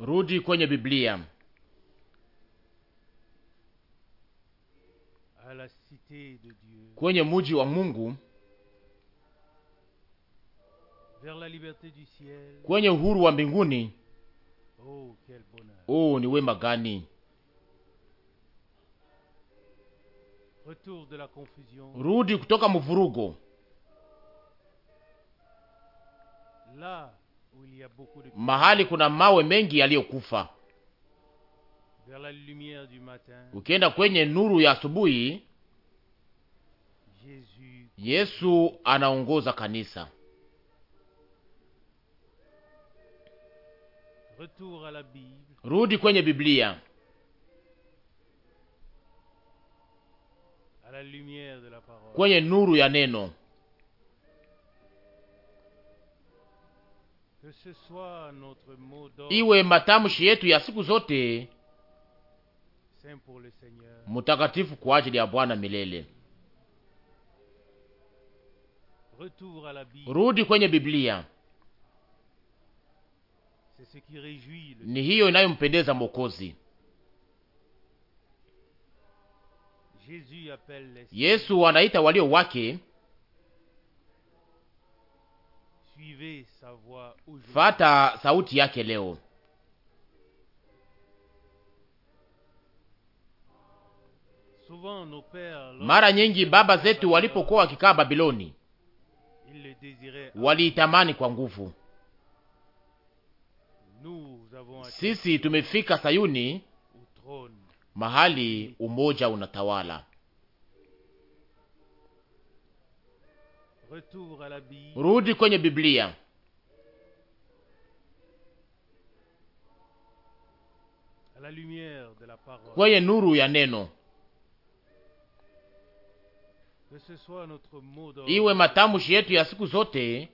rudi kwenye Biblia, kwenye muji wa Mungu, kwenye uhuru wa mbinguni. Oh, oh ni wema gani! Rudi kutoka mvurugo la mahali kuna mawe mengi yaliyokufa. Ukienda kwenye nuru ya asubuhi, Yesu anaongoza kanisa. Rudi kwenye Biblia kwenye nuru ya neno iwe matamshi yetu ya siku zote mutakatifu kwa ajili ya Bwana milele. Rudi kwenye Biblia, ni hiyo inayompendeza Mwokozi. Yesu anaita walio wake fata sauti yake leo. Mara nyingi baba zetu walipokuwa wakikaa Babiloni waliitamani kwa nguvu. Sisi tumefika Sayuni, mahali umoja unatawala. Rudi kwenye Biblia, kwenye nuru ya neno. Iwe matamshi yetu ya siku zote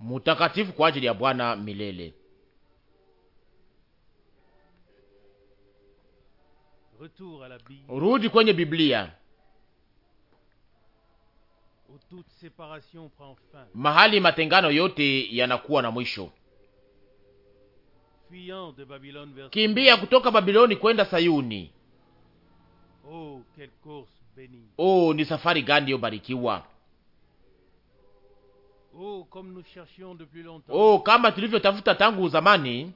mutakatifu kwa ajili ya Bwana milele. Rudi kwenye Biblia mahali matengano yote yanakuwa na mwisho. Kimbia kutoka Babiloni kwenda Sayuni. Oh, oh, ni safari gani yobarikiwa! Oh, oh, kama tulivyotafuta tangu zamani,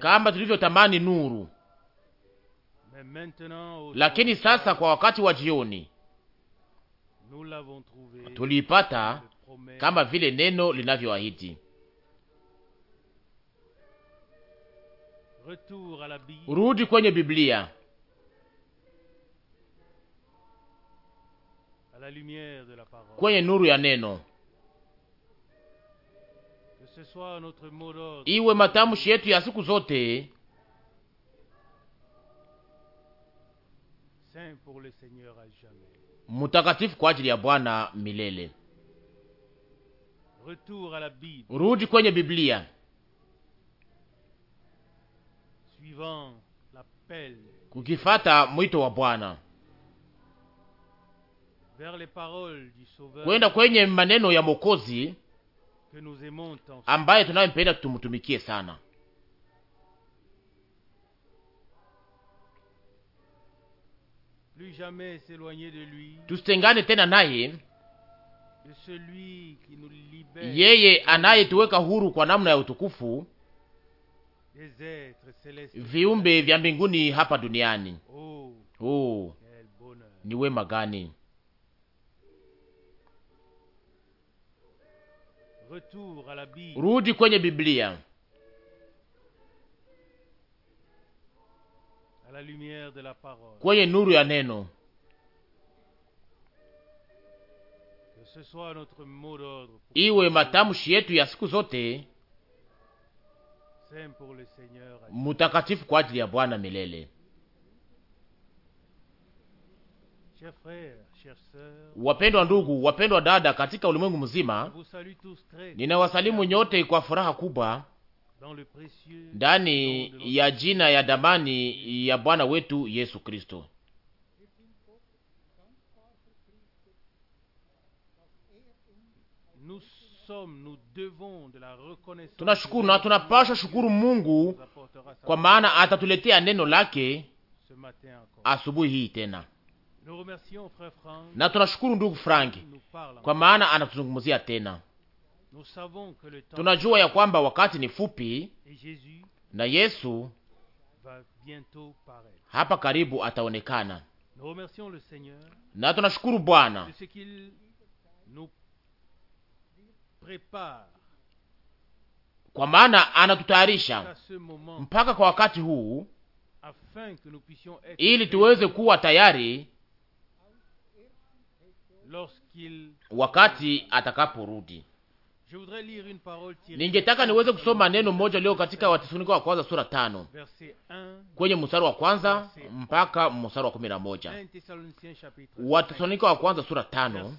kama tulivyotamani nuru lakini sasa kwa wakati wa jioni tuliipata kama vile neno linavyoahidi. Rudi kwenye Biblia kwenye nuru ya neno. Iwe matamshi yetu ya siku zote mtakatifu kwa ajili ya Bwana milele. Rudi kwenye Biblia kukifata mwito wa Bwana kwenda kwenye maneno ya Mokozi ambaye tunayempenda tumtumikie sana. tusitengane tena naye, yeye anayetuweka huru kwa namna ya utukufu viumbe vya mbinguni hapa duniani. Oh, oh, ni wema gani! Rudi kwenye Biblia kwenye nuru ya neno, iwe matamshi yetu ya siku zote mutakatifu kwa ajili ya Bwana milele. Wapendwa ndugu, wapendwa dada katika ulimwengu mzima, ninawasalimu nyote kwa furaha kubwa ndani ya jina ya damani ya Bwana wetu Yesu Kristo. Tunashukuru na tunapasha shukuru Mungu kwa maana atatuletea neno lake asubuhi hii tena, na tunashukuru ndugu Frank kwa maana anatuzungumzia tena Tunajua ya kwamba wakati ni fupi na Yesu hapa karibu ataonekana, na tunashukuru Bwana kwa maana anatutayarisha mpaka kwa wakati huu ili tuweze kuwa tayari wakati atakaporudi. Ningetaka niweze kusoma neno moja leo katika watesalonika wa kwanza sura tano kwenye mstari wa kwanza mpaka mstari wa kumi na moja. Wathesalonike wa kwanza sura tano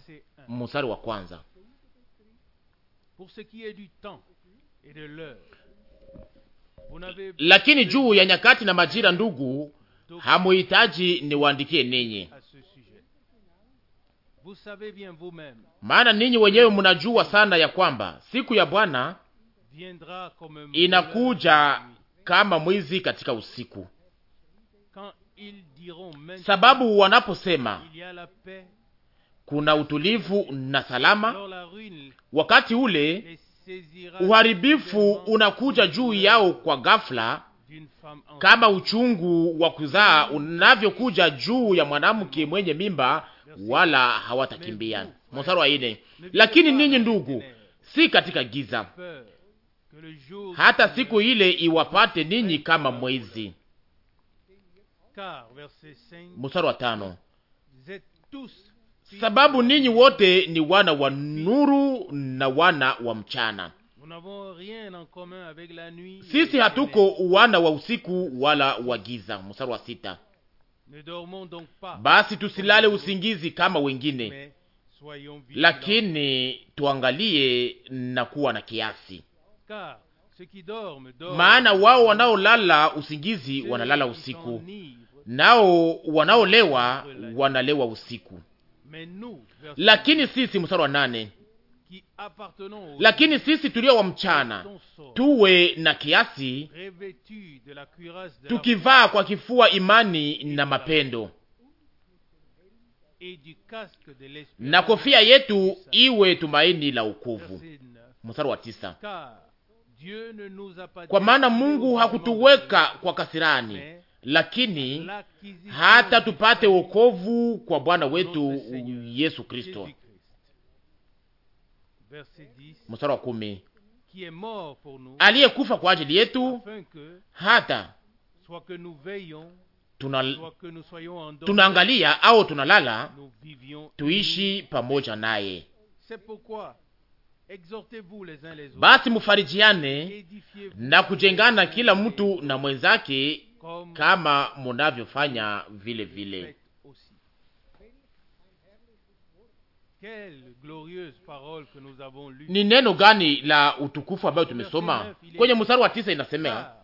mstari wa kwanza. Lakini juu ya nyakati na majira, ndugu, hamuhitaji niwaandikie ninyi, maana ninyi wenyewe mnajua sana ya kwamba siku ya Bwana inakuja kama mwizi katika usiku, sababu wanaposema kuna utulivu na salama, wakati ule uharibifu unakuja juu yao kwa ghafla, kama uchungu wa kuzaa unavyokuja juu ya mwanamke mwenye mimba wala hawatakimbia. Mstari wa ine: lakini ninyi ndugu, si katika giza, hata siku ile iwapate ninyi kama mwezi. Mstari wa tano: sababu ninyi wote ni wana wa nuru na wana wa mchana. Sisi hatuko wana wa usiku wala wa giza. Mstari wa sita: basi tusilale usingizi kama wengine, lakini tuangalie na kuwa na kiasi, maana wao wanaolala usingizi wanalala usiku, nao wanaolewa wanalewa usiku. Lakini sisi, mstari wa nane lakini sisi tulio wa mchana tuwe na kiasi, tukivaa kwa kifua imani na mapendo, na kofia yetu iwe tumaini la ukuvu. Mstari wa tisa. Kwa maana Mungu hakutuweka kwa kasirani, lakini hata tupate wokovu kwa Bwana wetu Yesu Kristo mstari wa kumi, aliyekufa kwa ajili yetu hata tunaangalia tuna au tunalala tuishi pamoja naye. Basi mufarijiane na kujengana kila mtu na mwenzake, kama munavyofanya vile vile. Ni neno gani la utukufu ambayo tumesoma kwenye mstari wa tisa? Inasemea, ah,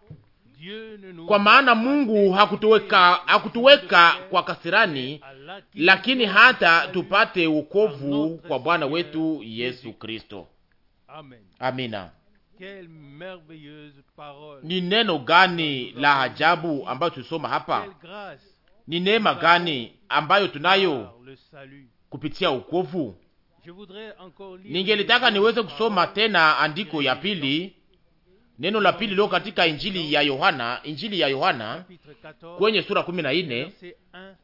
kwa maana Mungu hakutuweka hakutuweka kwa kasirani, lakini hata tupate wokovu kwa Bwana wetu Yesu Kristo. Amina. Ni neno gani la ajabu ambayo tulisoma hapa! Ni neema gani ambayo tunayo kupitia ukovu. Ningelitaka niweze kusoma tena andiko ya pili, neno la pili leo katika injili ya Yohana, injili ya Yohana kwenye sura kumi na nne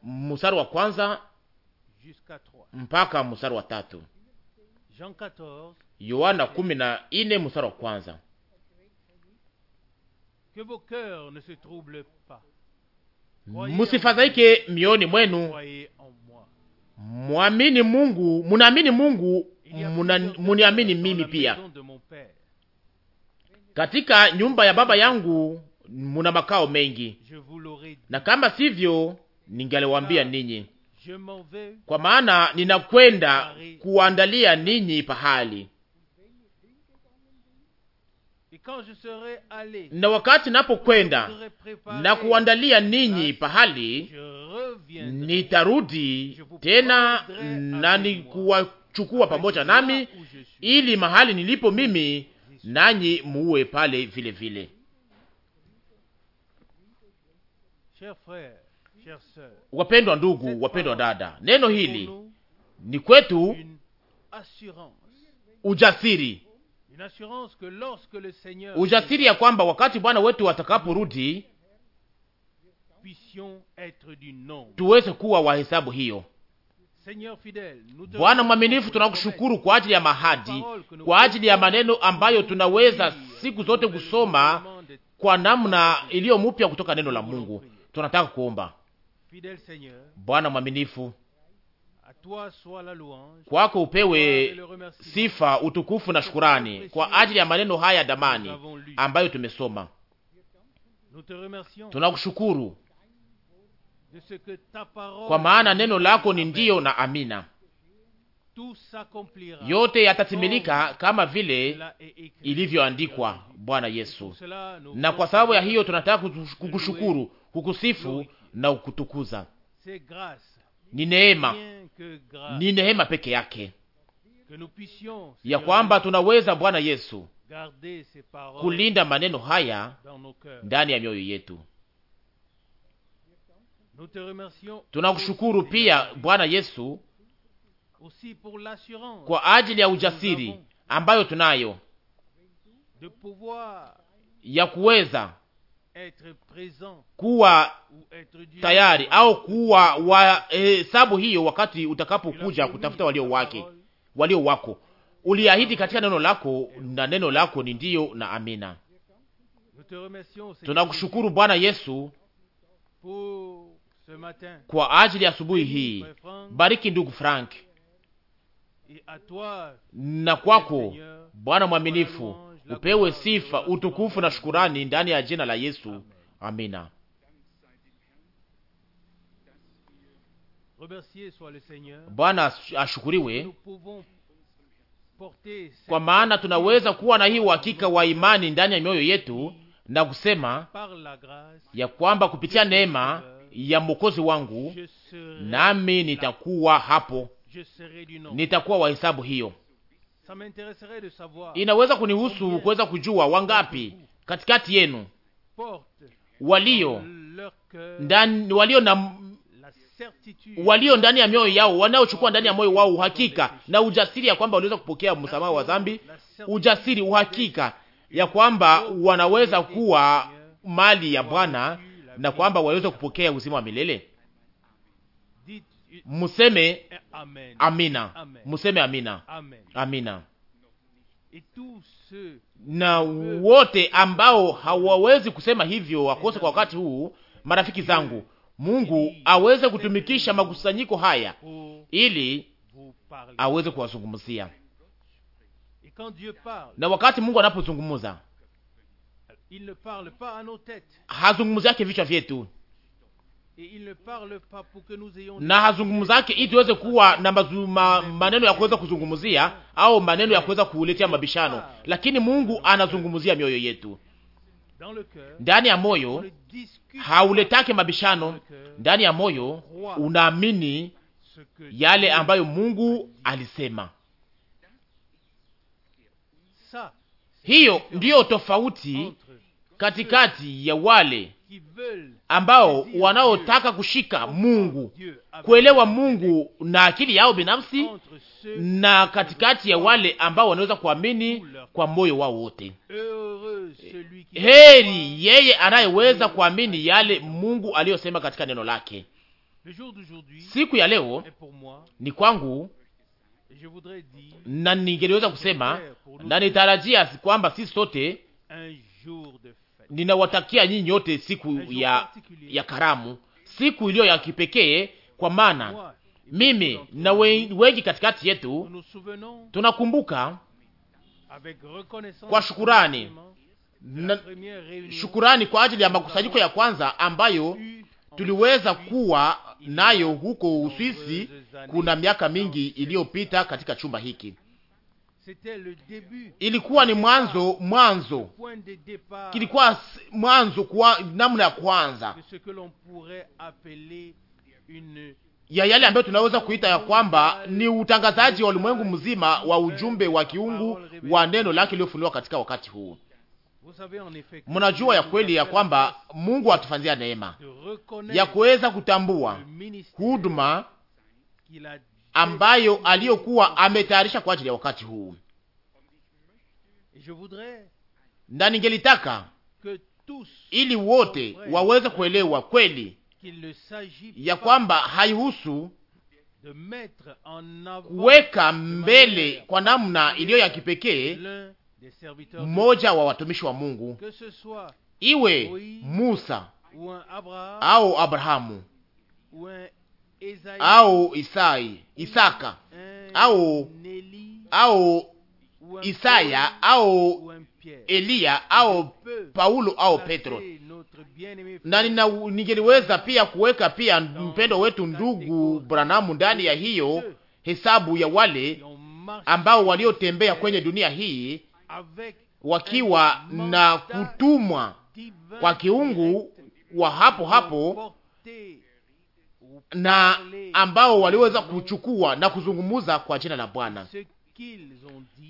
musari wa kwanza mpaka musari wa tatu. Yohana kumi na nne musari wa kwanza. Musifadhaike mioni mwenu Mwamini Mungu, munaamini Mungu, muniamini mimi pia. Katika nyumba ya Baba yangu muna makao mengi, na kama sivyo ningaliwaambia ah, ninyi, kwa maana ninakwenda kuandalia ninyi pahali na wakati napokwenda na kuandalia ninyi pahali, nitarudi tena na nikuwachukua pamoja nami, ili mahali nilipo mimi nanyi muwe pale vile vile. Wapendwa ndugu, wapendwa dada, neno hili ni kwetu ujasiri ujasiri ya kwamba wakati Bwana wetu atakaporudi tuweze kuwa wahesabu hiyo. Bwana mwaminifu, tunakushukuru kwa ajili ya mahadi, kwa ajili ya maneno ambayo tunaweza siku zote kusoma kwa namna iliyo kutoka neno la Mungu. Tunataka kuomba Bwana mwaminifu Kwako upewe sifa, utukufu na shukurani kwa ajili ya maneno haya damani ambayo tumesoma. Tunakushukuru kwa maana neno lako ni ndiyo na amina, yote yatatimilika kama vile ilivyoandikwa, Bwana Yesu. Na kwa sababu ya hiyo tunataka kukushukuru, kukusifu na kukutukuza. Ni neema ni neema peke yake ya kwamba tunaweza Bwana Yesu kulinda maneno haya ndani ya mioyo yetu. Tunakushukuru pia Bwana Yesu kwa ajili ya ujasiri ambayo tunayo ya kuweza kuwa tayari au kuwa wa eh, hesabu hiyo wakati utakapokuja kutafuta walio wake walio wako. Uliahidi katika neno lako, na neno lako ni ndiyo na amina. Tunakushukuru Bwana Yesu kwa ajili ya asubuhi hii. Bariki ndugu Frank na kwako Bwana mwaminifu upewe sifa, utukufu na shukurani ndani ya jina la Yesu. Amina. Bwana ashukuriwe, kwa maana tunaweza kuwa na hii uhakika wa imani ndani ya mioyo yetu na kusema ya kwamba kupitia neema ya Mwokozi wangu nami nitakuwa hapo, nitakuwa wa wahesabu hiyo inaweza kunihusu kuweza kujua wangapi katikati yenu walio ndani, walio na walio ndani ya mioyo yao wanaochukua ndani ya moyo wao uhakika na ujasiri ya kwamba waliweza kupokea msamaha wa dhambi, ujasiri, uhakika ya kwamba wanaweza kuwa mali ya Bwana na kwamba waliweza kupokea uzima wa milele. Mseme eh, Amina, museme amina, amina. Na wote ambao hawawezi kusema hivyo wakose kwa wakati huu, marafiki zangu, Mungu aweze kutumikisha makusanyiko haya ili aweze kuwazungumzia. Na wakati Mungu anapozungumza hazungumzi yake vichwa vyetu na hazungumzake ili tuweze kuwa na mazuma, maneno ya kuweza kuzungumzia au maneno ya kuweza kuuletea mabishano, lakini Mungu anazungumzia mioyo yetu, ndani ya moyo hauletake mabishano, ndani ya moyo unaamini yale ambayo Mungu alisema. Hiyo ndiyo tofauti katikati ya wale ambao wanaotaka kushika Mungu, kuelewa Mungu na akili yao binafsi, na katikati ya wale ambao wanaweza kuamini kwa moyo wao wote. Heri yeye anayeweza kuamini yale Mungu aliyosema katika neno lake. Siku ya leo ni kwangu na ningeliweza kusema na nitarajia kwamba sisi sote ninawatakia nyinyi nyote siku ya, ya karamu, siku iliyo ya kipekee, kwa maana mimi na wengi katikati yetu tunakumbuka kwa shukurani na, shukurani kwa ajili ya makusanyiko ya kwanza ambayo tuliweza kuwa nayo huko Uswisi kuna miaka mingi iliyopita katika chumba hiki ilikuwa ni mwanzo mwanzo, kilikuwa mwanzo kwa namna ya kwanza ya yale ambayo tunaweza kuita ya kwamba ni utangazaji wa ulimwengu mzima wa ujumbe wa kiungu wa neno lake lililofunuliwa katika wakati huu. Mnajua ya kweli ya kwamba Mungu atufanyia neema ya kuweza kutambua huduma ambayo aliyokuwa ametayarisha kwa ajili ya wakati huu, na ningelitaka ili wote waweze kuelewa kweli ya kwamba haihusu kuweka mbele kwa namna iliyo ya kipekee mmoja wa watumishi wa Mungu, iwe Musa au Abrahamu au Isai, Isaka eh, au au Isaya au Eliya au Paulo au Petro, na nina ningeliweza pia kuweka pia mpendo wetu ndugu Branamu ndani ya hiyo hesabu ya wale ambao waliotembea kwenye dunia hii wakiwa na kutumwa kwa kiungu wa hapo hapo na ambao waliweza kuchukua na kuzungumuza kwa jina la Bwana,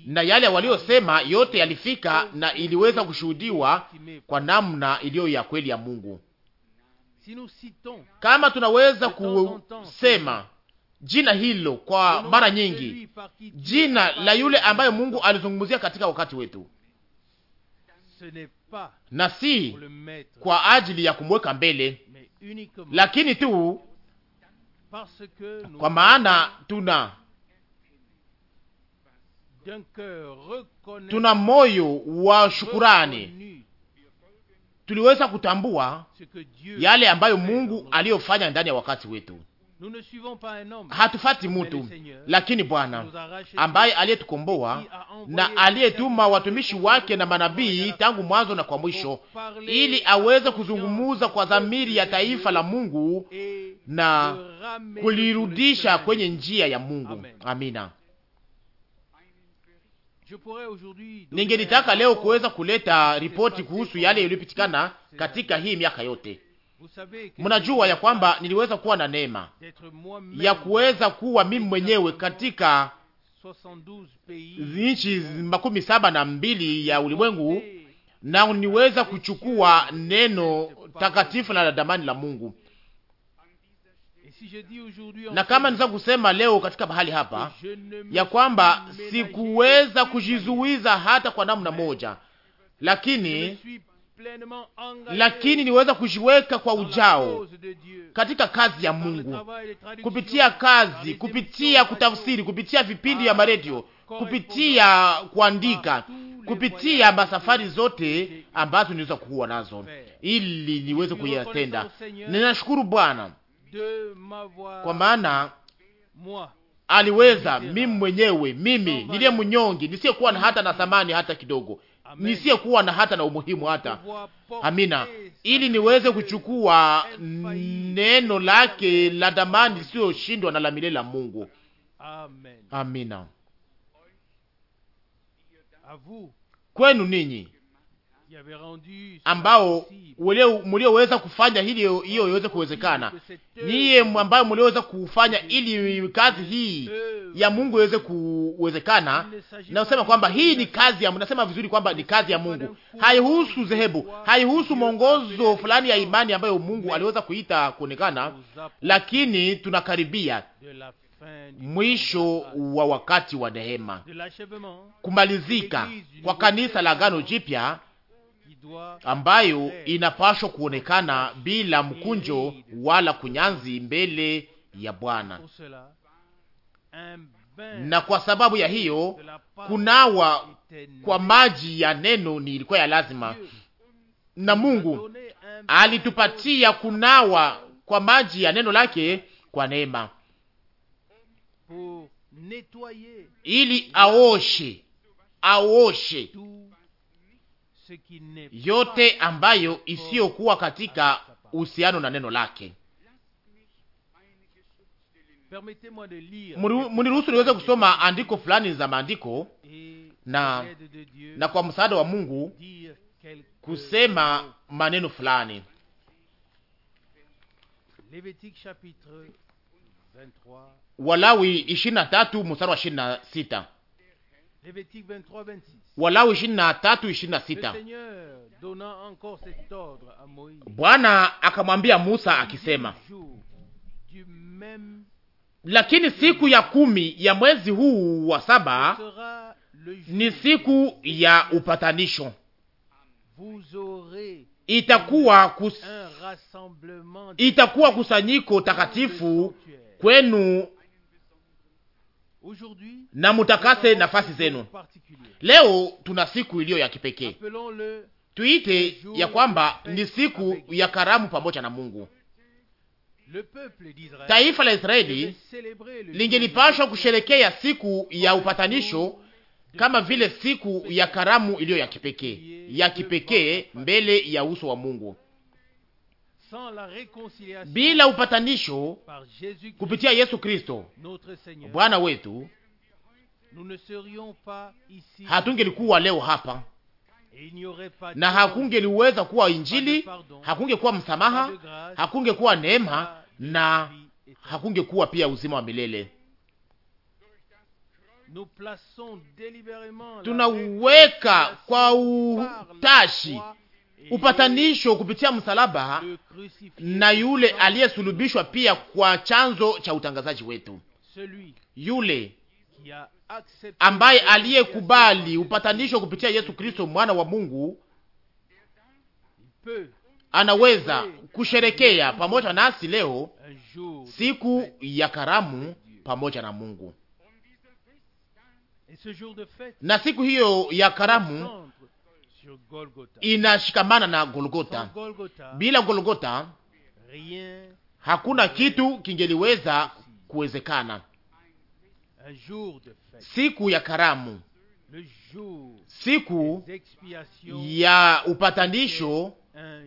na yale waliosema yote yalifika na iliweza kushuhudiwa kwa namna iliyo ya kweli ya Mungu. Kama tunaweza kusema jina hilo kwa mara nyingi, jina la yule ambaye Mungu alizungumzia katika wakati wetu, na si kwa ajili ya kumweka mbele, lakini tu kwa maana tuna tuna moyo wa shukurani, tuliweza kutambua yale ambayo Mungu aliyofanya ndani ya wakati wetu hatufati mutu, lakini Bwana ambaye aliyetukomboa na aliyetuma watumishi wake na manabii tangu mwanzo na kwa mwisho, ili aweze kuzungumuza kwa dhamiri ya taifa la Mungu na kulirudisha kwenye njia ya Mungu. Amina. Ningelitaka leo kuweza kuleta ripoti kuhusu yale yaliyopitikana katika hii miaka yote Mnajua ya kwamba niliweza kuwa na neema ya kuweza kuwa mimi mwenyewe katika nchi makumi saba na mbili ya ulimwengu na niweza kuchukua neno takatifu na ladamani la Mungu. Na kama niweza kusema leo katika mahali hapa ya kwamba sikuweza kujizuiza hata kwa namna moja, lakini lakini niweza kujiweka kwa ujao katika kazi ya Mungu, kupitia kazi, kupitia kutafsiri, kupitia vipindi vya maredio, kupitia kuandika, kupitia masafari zote ambazo niweza kuwa nazo, ili niweze kuyatenda. Ninashukuru Bwana kwa maana aliweza mimi mwenyewe, mimi niliye mnyonge, nisiyekuwa hata na thamani hata kidogo nisiyekuwa na hata na umuhimu hata. Amina, ili niweze kuchukua neno lake la damani lisiyoshindwa na la milele la Mungu. Amina. Kwenu ninyi ambao mlioweza kufanya hili hiyo iweze kuwezekana, niye ambayo mlioweza kufanya ili kazi hii ya Mungu iweze kuwezekana. Na usema kwamba hii ni kazi ya, mnasema vizuri kwamba ni kazi ya Mungu, haihusu dhehebu, haihusu mwongozo fulani ya imani ambayo Mungu aliweza kuita kuonekana, lakini tunakaribia mwisho wa wakati wa dehema, kumalizika kwa kanisa la Agano Jipya ambayo inapashwa kuonekana bila mkunjo wala kunyanzi mbele ya Bwana. Na kwa sababu ya hiyo, kunawa kwa maji ya neno ni ilikuwa ya lazima, na Mungu alitupatia kunawa kwa maji ya neno lake kwa neema, ili aoshe aoshe yote ambayo isiyokuwa katika uhusiano na neno lake. Muniruhusu niweze kusoma andiko fulani za maandiko na, na kwa msaada wa Mungu kusema maneno fulani. Walawi 23 mstari wa 26 walau ishirini na tatu ishirini na sita. Bwana akamwambia Musa akisema, lakini siku ya kumi ya mwezi huu wa saba ni siku ya upatanisho, itakuwa, kus... itakuwa kusanyiko takatifu kwenu na mutakase nafasi zenu. Leo tuna siku iliyo ya kipekee, tuite ya kwamba ni siku ya karamu pamoja na Mungu. Taifa la Israeli lingelipashwa kusherekea siku ya upatanisho kama vile siku ya karamu iliyo ya kipekee ya kipekee mbele ya uso wa Mungu bila upatanisho kupitia Yesu Kristo Bwana wetu hatungelikuwa leo hapa na hakungeliweza kuwa Injili, hakungekuwa msamaha, hakungekuwa neema na hakungekuwa pia uzima wa milele. Tunaweka kwa utashi E upatanisho kupitia msalaba na yule aliyesulubishwa pia kwa chanzo cha utangazaji wetu, yule ambaye aliyekubali upatanisho kupitia Yesu Kristo mwana wa Mungu anaweza kusherekea pamoja nasi leo siku ya karamu pamoja na Mungu. Na siku hiyo ya karamu inashikamana na Golgota. Bila Golgota hakuna kitu kingeliweza kuwezekana. Siku ya karamu, siku ya upatanisho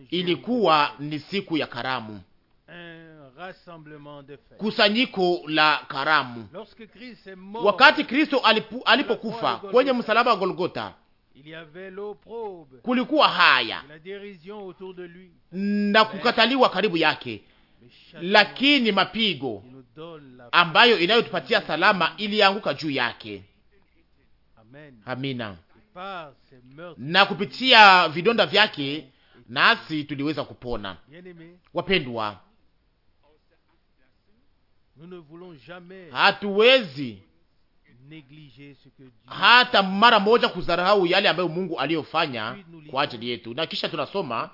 ilikuwa ni siku ya karamu, kusanyiko la karamu. Wakati Kristo alipokufa kwenye msalaba wa Golgota kulikuwa haya na kukataliwa karibu yake, lakini mapigo ambayo inayotupatia salama ilianguka juu yake. Amina. Na kupitia vidonda vyake nasi tuliweza kupona. Wapendwa, hatuwezi hata mara moja kuzarahau yale ambayo Mungu aliyofanya kwa ajili yetu. Na kisha tunasoma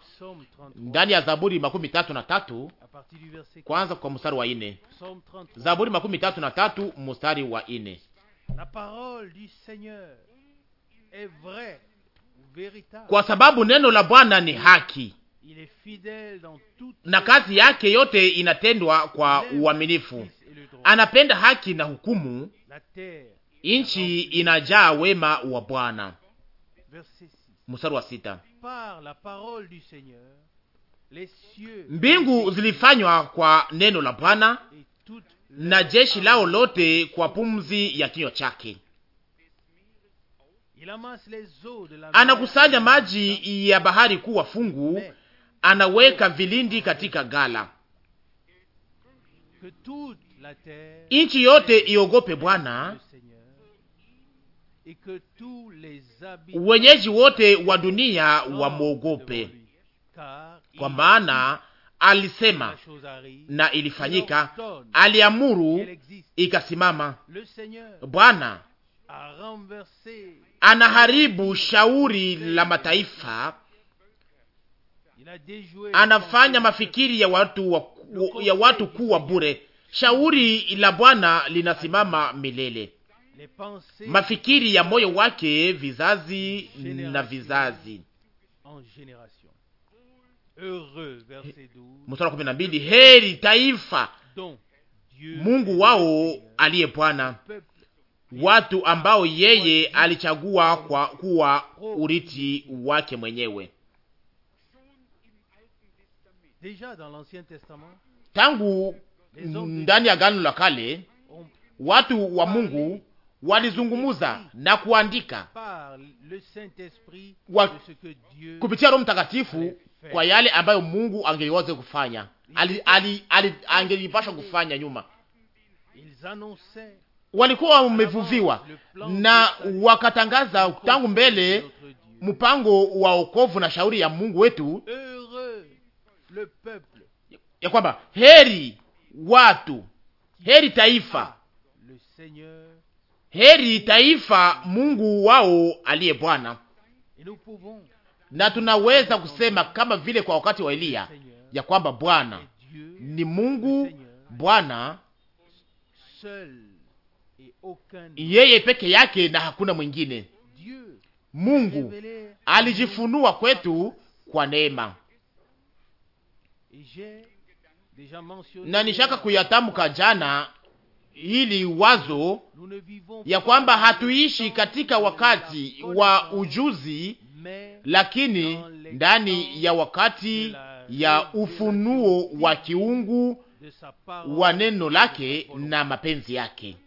ndani ya Zaburi makumi tatu na tatu kwanza kwa mstari wa ine. Zaburi makumi tatu na tatu mstari wa ine. Kwa sababu neno la Bwana ni haki na kazi yake yote inatendwa kwa uaminifu. Anapenda haki na hukumu. Nchi inajaa wema wa Bwana. Mstari wa sita. Mbingu zilifanywa kwa neno la Bwana na jeshi lao lote kwa pumzi ya kinywa chake. Anakusanya maji ya bahari kuwa fungu, anaweka vilindi katika gala. Nchi yote iogope Bwana wenyeji wote wa dunia wamwogope, kwa maana alisema na ilifanyika, aliamuru ikasimama. Bwana anaharibu shauri la mataifa, anafanya mafikiri ya watu, wa, ya watu kuwa bure. Shauri la Bwana linasimama milele mafikiri ya moyo wake vizazi na vizazi. Mstari kumi na mbili, heri taifa Mungu wao aliye Bwana, watu ambao yeye alichagua kwa kuwa urithi wake mwenyewe. Tangu ndani ya gano la Kale watu wa Mungu walizungumuza na kuandika wa, kupitia Roho Mtakatifu kwa yale ambayo Mungu angeliweza kufanya ali, ali, ali, angelipasha kufanya nyuma. Walikuwa wamevuviwa na wakatangaza tangu mbele mpango wa wokovu na shauri ya Mungu wetu ya kwamba heri watu, heri taifa ah, Heri taifa Mungu wao aliye Bwana. Na tunaweza kusema kama vile kwa wakati wa Eliya ya kwamba Bwana ni Mungu, Bwana yeye peke yake na hakuna mwingine. Mungu alijifunua kwetu kwa neema, na nishaka kuyatamka jana hili wazo ya kwamba hatuishi katika wakati wa ujuzi, lakini ndani ya wakati ya ufunuo wa kiungu wa neno lake na mapenzi yake.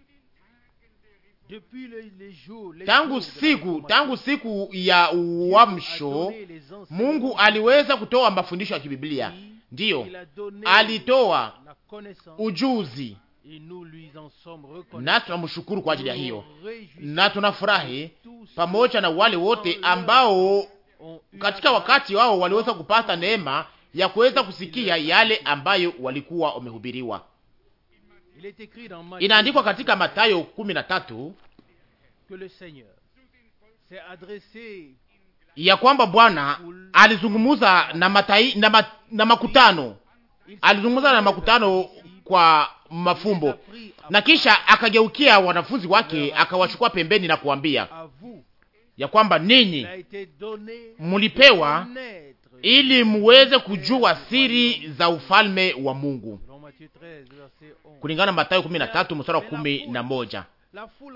Tangu siku tangu siku ya uamsho, Mungu aliweza kutoa mafundisho ya kibiblia. Ndiyo, alitoa ujuzi na tunamshukuru kwa ajili ya hiyo, na tunafurahi pamoja na wale wote ambao katika wakati wao waliweza kupata neema ya kuweza kusikia yale ambayo walikuwa wamehubiriwa. Inaandikwa katika Mathayo kumi na tatu ya kwamba Bwana alizungumza na matai, na, ma, na makutano alizungumza na makutano kwa mafumbo. Na kisha akageukia wanafunzi wake akawachukua pembeni na kuambia ya kwamba ninyi mlipewa ili muweze kujua siri za ufalme wa Mungu kulingana na Mathayo 13 mstari wa 11.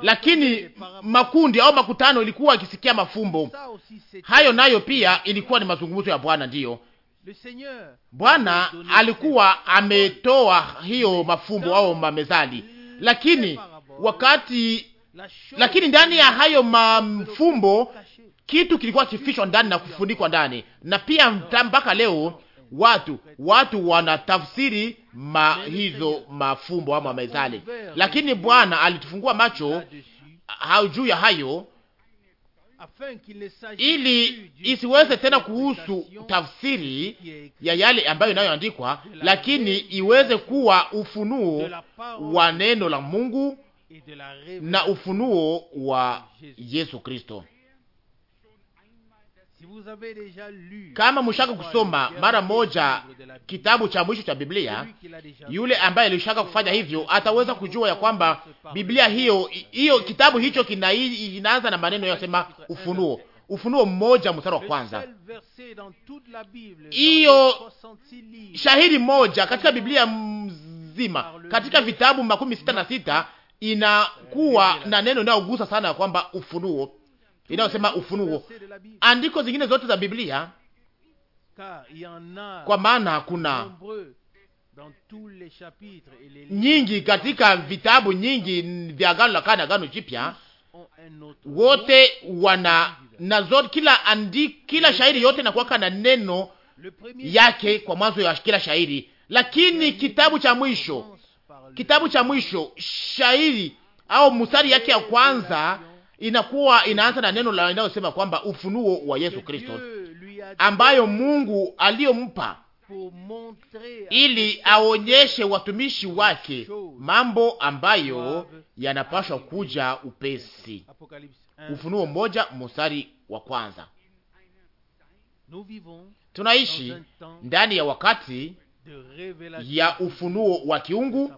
Lakini makundi au makutano ilikuwa ikisikia mafumbo hayo, nayo pia ilikuwa ni mazungumzo ya Bwana, ndiyo Bwana alikuwa ametoa hiyo mafumbo au mamezali, lakini wakati, lakini ndani ya hayo mafumbo kitu kilikuwa kifichwa ndani na kufunikwa ndani, na pia mpaka leo watu watu wanatafsiri ma hizo mafumbo ama mezali, lakini Bwana alitufungua macho juu ya hayo ili isiweze tena kuhusu tafsiri ya yale ambayo inayoandikwa, lakini iweze kuwa ufunuo wa neno la Mungu na ufunuo wa Yesu Kristo kama mushaka kusoma mara moja kitabu cha mwisho cha Biblia, yule ambaye alishaka kufanya hivyo ataweza kujua ya kwamba Biblia hiyo hiyo kitabu hicho kinaanza na maneno yasema Ufunuo, Ufunuo mmoja mstari wa kwanza. Hiyo shahidi moja katika Biblia mzima, katika vitabu makumi sita na sita inakuwa eh, na neno inayogusa sana ya kwamba Ufunuo inayosema Ufunuo. Andiko zingine zote za Biblia, kwa maana kuna nyingi katika vitabu nyingi vya Agano la Kale na Agano Jipya, wote wana na zote, kila andi, kila shairi yote inakuwaka na neno yake kwa mwanzo ya kila shairi, lakini kitabu cha mwisho, kitabu cha mwisho shairi au mstari yake ya kwanza inakuwa inaanza na neno la inayosema kwamba ufunuo wa Yesu Kristo ambayo Mungu aliyompa ili aonyeshe watumishi wake mambo ambayo yanapaswa kuja upesi. Ufunuo moja mosari wa kwanza. Tunaishi ndani ya wakati ya ufunuo wa kiungu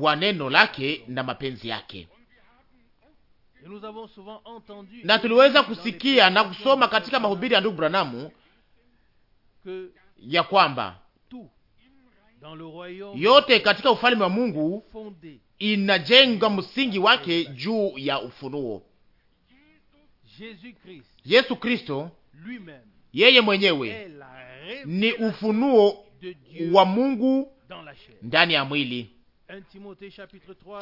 wa neno lake na mapenzi yake na tuliweza kusikia na kusoma katika mahubiri ya ndugu Branamu ya kwamba yote katika ufalme wa Mungu inajenga msingi wake juu ya ufunuo. Yesu Kristo yeye mwenyewe ni ufunuo wa Mungu ndani ya mwili.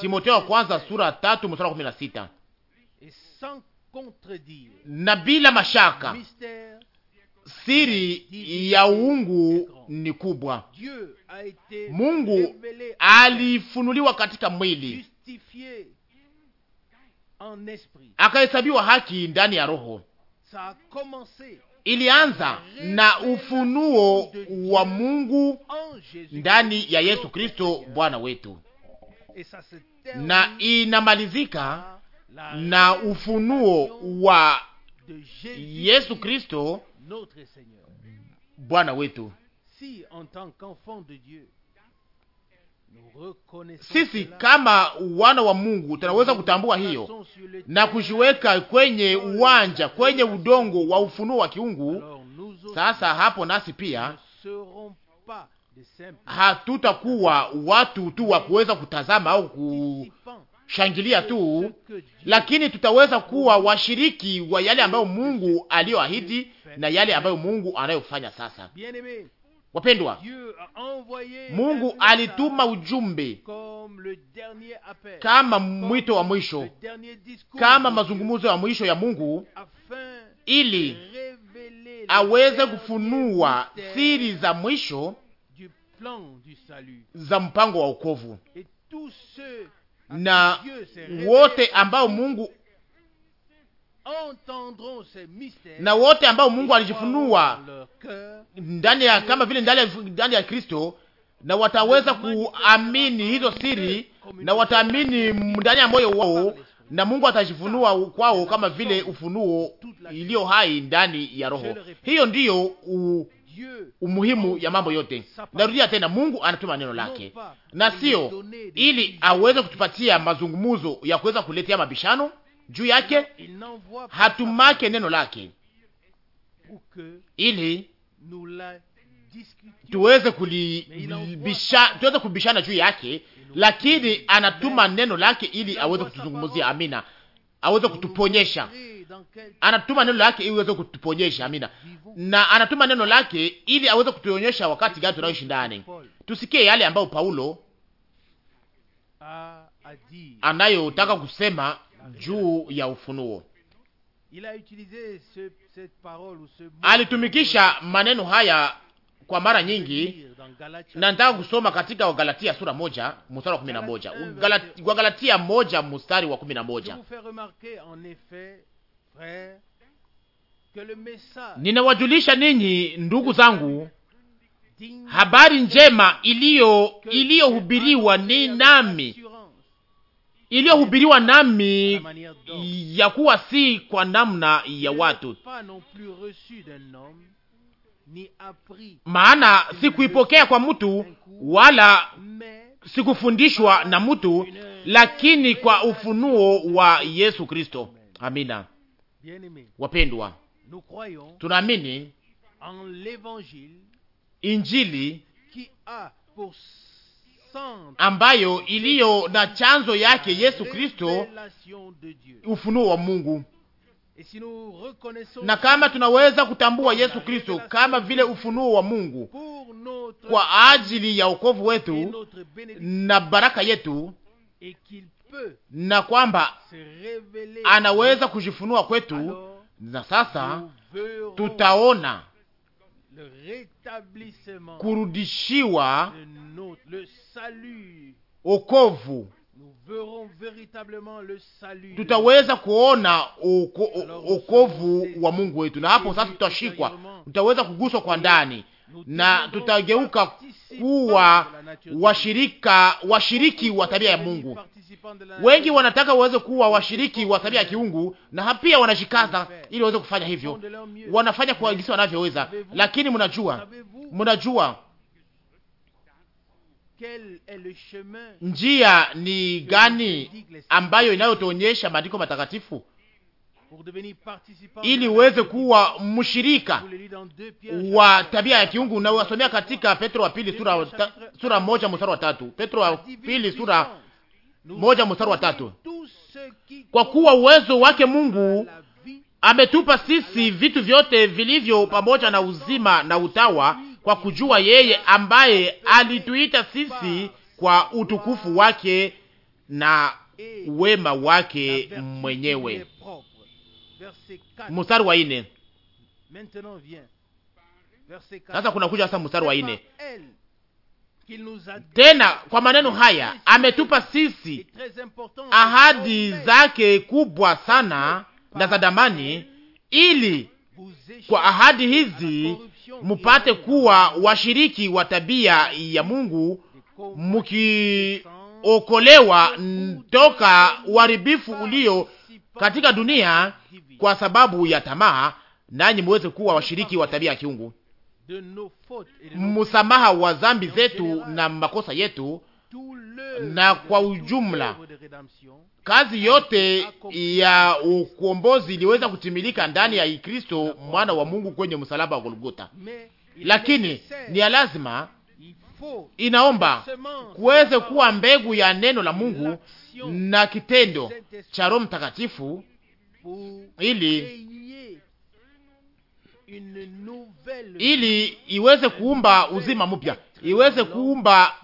Timoteo wa kwanza sura tatu mstari wa kumi na sita na bila mashaka siri ya uungu ni kubwa. Mungu alifunuliwa katika mwili, akahesabiwa haki ndani ya Roho. Ilianza na ufunuo wa Mungu ndani ya Yesu Kristo Bwana wetu, na inamalizika na ufunuo wa Yesu Kristo Bwana wetu. Sisi kama wana wa Mungu tunaweza kutambua hiyo na kujiweka kwenye uwanja, kwenye udongo wa ufunuo wa kiungu. Sasa hapo nasi pia hatutakuwa watu tu wa kuweza kutazama au shangilia tu, lakini tutaweza kuwa washiriki wa yale ambayo Mungu aliyoahidi na yale ambayo Mungu anayofanya sasa. Wapendwa, Mungu alituma ujumbe kama mwito wa mwisho, kama mazungumzo ya mwisho ya Mungu ili aweze kufunua siri za mwisho za mpango wa wokovu na wote ambao Mungu na wote ambao Mungu alijifunua ndani ya kama vile ndani ya, ndani ya Kristo, na wataweza kuamini hizo siri na wataamini ndani ya moyo wao, na Mungu atajifunua kwao kama vile ufunuo iliyo hai ndani ya Roho. Hiyo ndiyo u, umuhimu ya mambo yote. Narudia tena, Mungu anatuma neno lake, na sio ili aweze kutupatia mazungumuzo ya kuweza kuletea mabishano juu yake. Hatumake neno lake ili tuweze kulibisha, tuweze kubishana juu yake, lakini anatuma neno lake ili aweze kutuzungumzia. Amina, aweze kutuponyesha anatuma neno lake ili uweze kutuponyesha. Amina, na anatuma neno lake ili aweze kutuonyesha wakati gani tunaoishi ndani. Tusikie yale ambayo Paulo anayotaka kusema juu ya ufunuo. Alitumikisha maneno haya kwa mara nyingi, na nataka kusoma katika Wagalatia sura moja mstari wa kumi na moja Wagalatia moja mstari wa kumi na moja Ninawajulisha ninyi ndugu zangu, habari njema iliyo iliyohubiriwa ni nami, iliyohubiriwa nami, ya kuwa si kwa namna ya watu, maana sikuipokea kwa mtu wala sikufundishwa na mtu, lakini kwa ufunuo wa Yesu Kristo. Amina. Wapendwa, tunaamini injili ambayo iliyo na chanzo yake Yesu Kristo, ufunuo wa Mungu. Na kama tunaweza kutambua Yesu Kristo kama vile ufunuo wa Mungu kwa ajili ya wokovu wetu na baraka yetu, na kwamba anaweza kujifunua kwetu, na sasa tutaona kurudishiwa okovu tutaweza kuona okovu wa Mungu wetu, na hapo sasa tutashikwa, tutaweza kuguswa kwa ndani na tutageuka kuwa washirika washiriki wa tabia ya Mungu. Wengi wanataka waweze kuwa washiriki wa tabia ya kiungu, na pia wanashikaza ili waweze kufanya hivyo, wanafanya kwa jinsi wanavyoweza, lakini mnajua, mnajua njia ni gani ambayo inayotuonyesha maandiko matakatifu ili uweze kuwa mshirika wa tabia ya kiungu. Nawasomea katika Petro wa pili sura, sura moja mstari wa tatu Petro wa pili sura moja mstari wa tatu kwa kuwa uwezo wake Mungu ametupa sisi vitu vyote vilivyo pamoja na uzima na utawa, kwa kujua yeye ambaye alituita sisi kwa utukufu wake na wema wake mwenyewe. Mstari wa ine sasa kuja sasa mstari wa ine tena kwa maneno haya ametupa sisi ahadi zake kubwa sana na za damani, ili kwa ahadi hizi mupate kuwa washiriki wa tabia ya Mungu, mukiokolewa toka uharibifu ulio katika dunia kwa sababu ya tamaa, nanyi muweze kuwa washiriki wa tabia ya kiungu msamaha wa dhambi zetu na makosa yetu, na kwa ujumla kazi yote ya ukombozi iliweza kutimilika ndani ya Kristo mwana wa Mungu kwenye msalaba wa Golgota. Lakini ni ya lazima inaomba kuweze kuwa mbegu ya neno la Mungu na kitendo cha Roho Mtakatifu ili ili iweze kuumba uzima mpya, iweze kuumba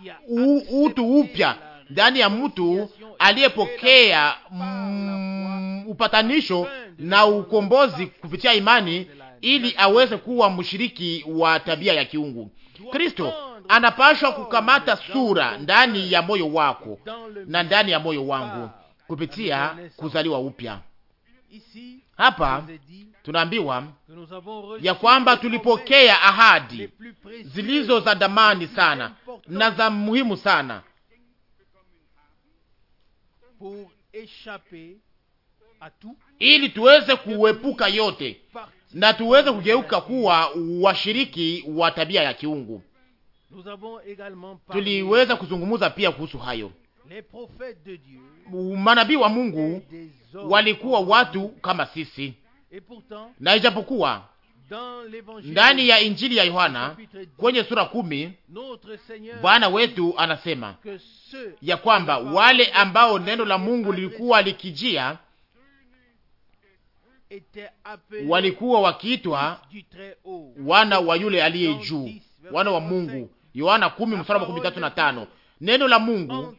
utu upya ndani ya mtu aliyepokea mm, upatanisho na ukombozi kupitia imani, ili aweze kuwa mshiriki wa tabia ya kiungu. Kristo anapashwa kukamata sura ndani ya moyo wako na ndani ya moyo wangu kupitia kuzaliwa upya. Hapa tunaambiwa ya kwamba tulipokea ahadi zilizo za damani sana na za muhimu sana ili tuweze kuepuka yote na tuweze kugeuka kuwa washiriki wa tabia ya kiungu. Tuliweza kuzungumza pia kuhusu hayo manabii wa Mungu walikuwa watu kama sisi, na ijapokuwa ndani ya Injili ya Yohana kwenye sura kumi Bwana wetu anasema ya kwamba wale ambao neno la Mungu lilikuwa likijia walikuwa wakiitwa wana wa yule aliye juu, wana wa Mungu. Yohana kumi mstari wa tatu na tano. Neno la Mungu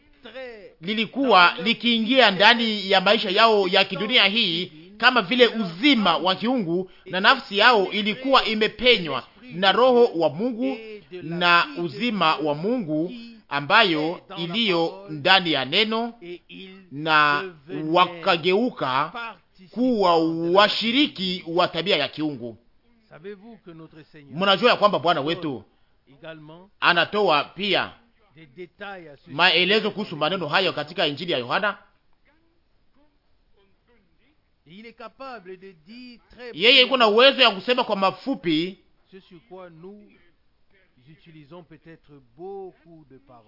lilikuwa likiingia ndani ya maisha yao ya kidunia hii kama vile uzima wa kiungu, na nafsi yao ilikuwa imepenywa na roho wa Mungu na uzima wa Mungu ambayo iliyo ndani ya neno, na wakageuka kuwa washiriki wa tabia ya kiungu. Mnajua ya kwamba Bwana wetu anatoa pia maelezo kuhusu maneno hayo katika Injili ya Yohana. Yeye iko na uwezo ya kusema kwa mafupi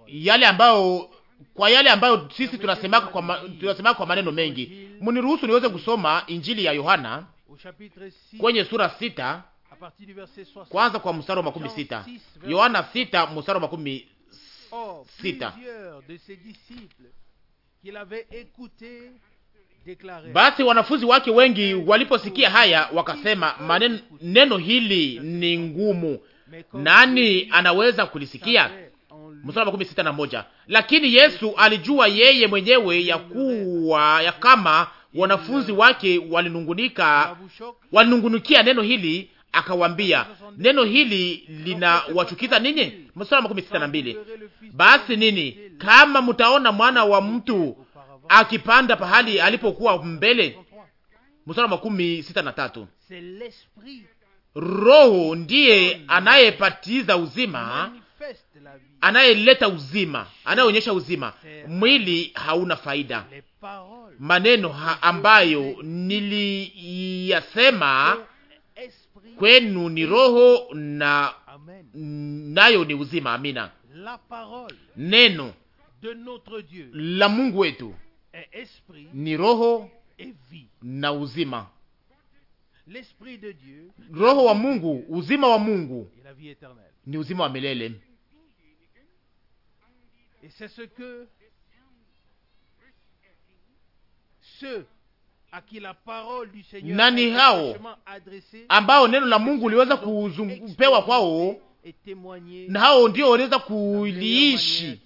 yale ambayo kwa yale ambayo sisi tunasemaka kwa, ma, tunasemaka kwa maneno mengi. Mniruhusu niweze kusoma Injili ya Yohana kwenye sura sita kwanza kwa mstari wa makumi sita Yohana sita mstari wa makumi Oh, sita. Basi wanafunzi wake wengi waliposikia haya wakasema, maneno neno hili ni ngumu, nani anaweza kulisikia? Mstari wa sita na moja. Lakini Yesu alijua yeye mwenyewe ya kuwa ya kama wanafunzi wake walinungunika walinungunikia neno hili, akawambia, neno hili linawachukiza ninyi? mstari wa makumi sita na mbili basi nini kama mtaona mwana wa mtu akipanda pahali alipokuwa mbele. Mstari wa makumi sita na tatu Roho ndiye anayepatiza uzima, anayeleta uzima, anayeonyesha uzima. Mwili hauna faida. Maneno ha ambayo niliyasema kwenu ni roho na nayo ni uzima. Amina. Neno la Mungu wetu ni roho na uzima. De Dieu, roho wa Mungu, uzima wa Mungu ni uzima wa milele, et c'est ce que ceux nani hao ambao neno la Mungu liweza kupewa kwao, na hao ndio waliweza kuliishi,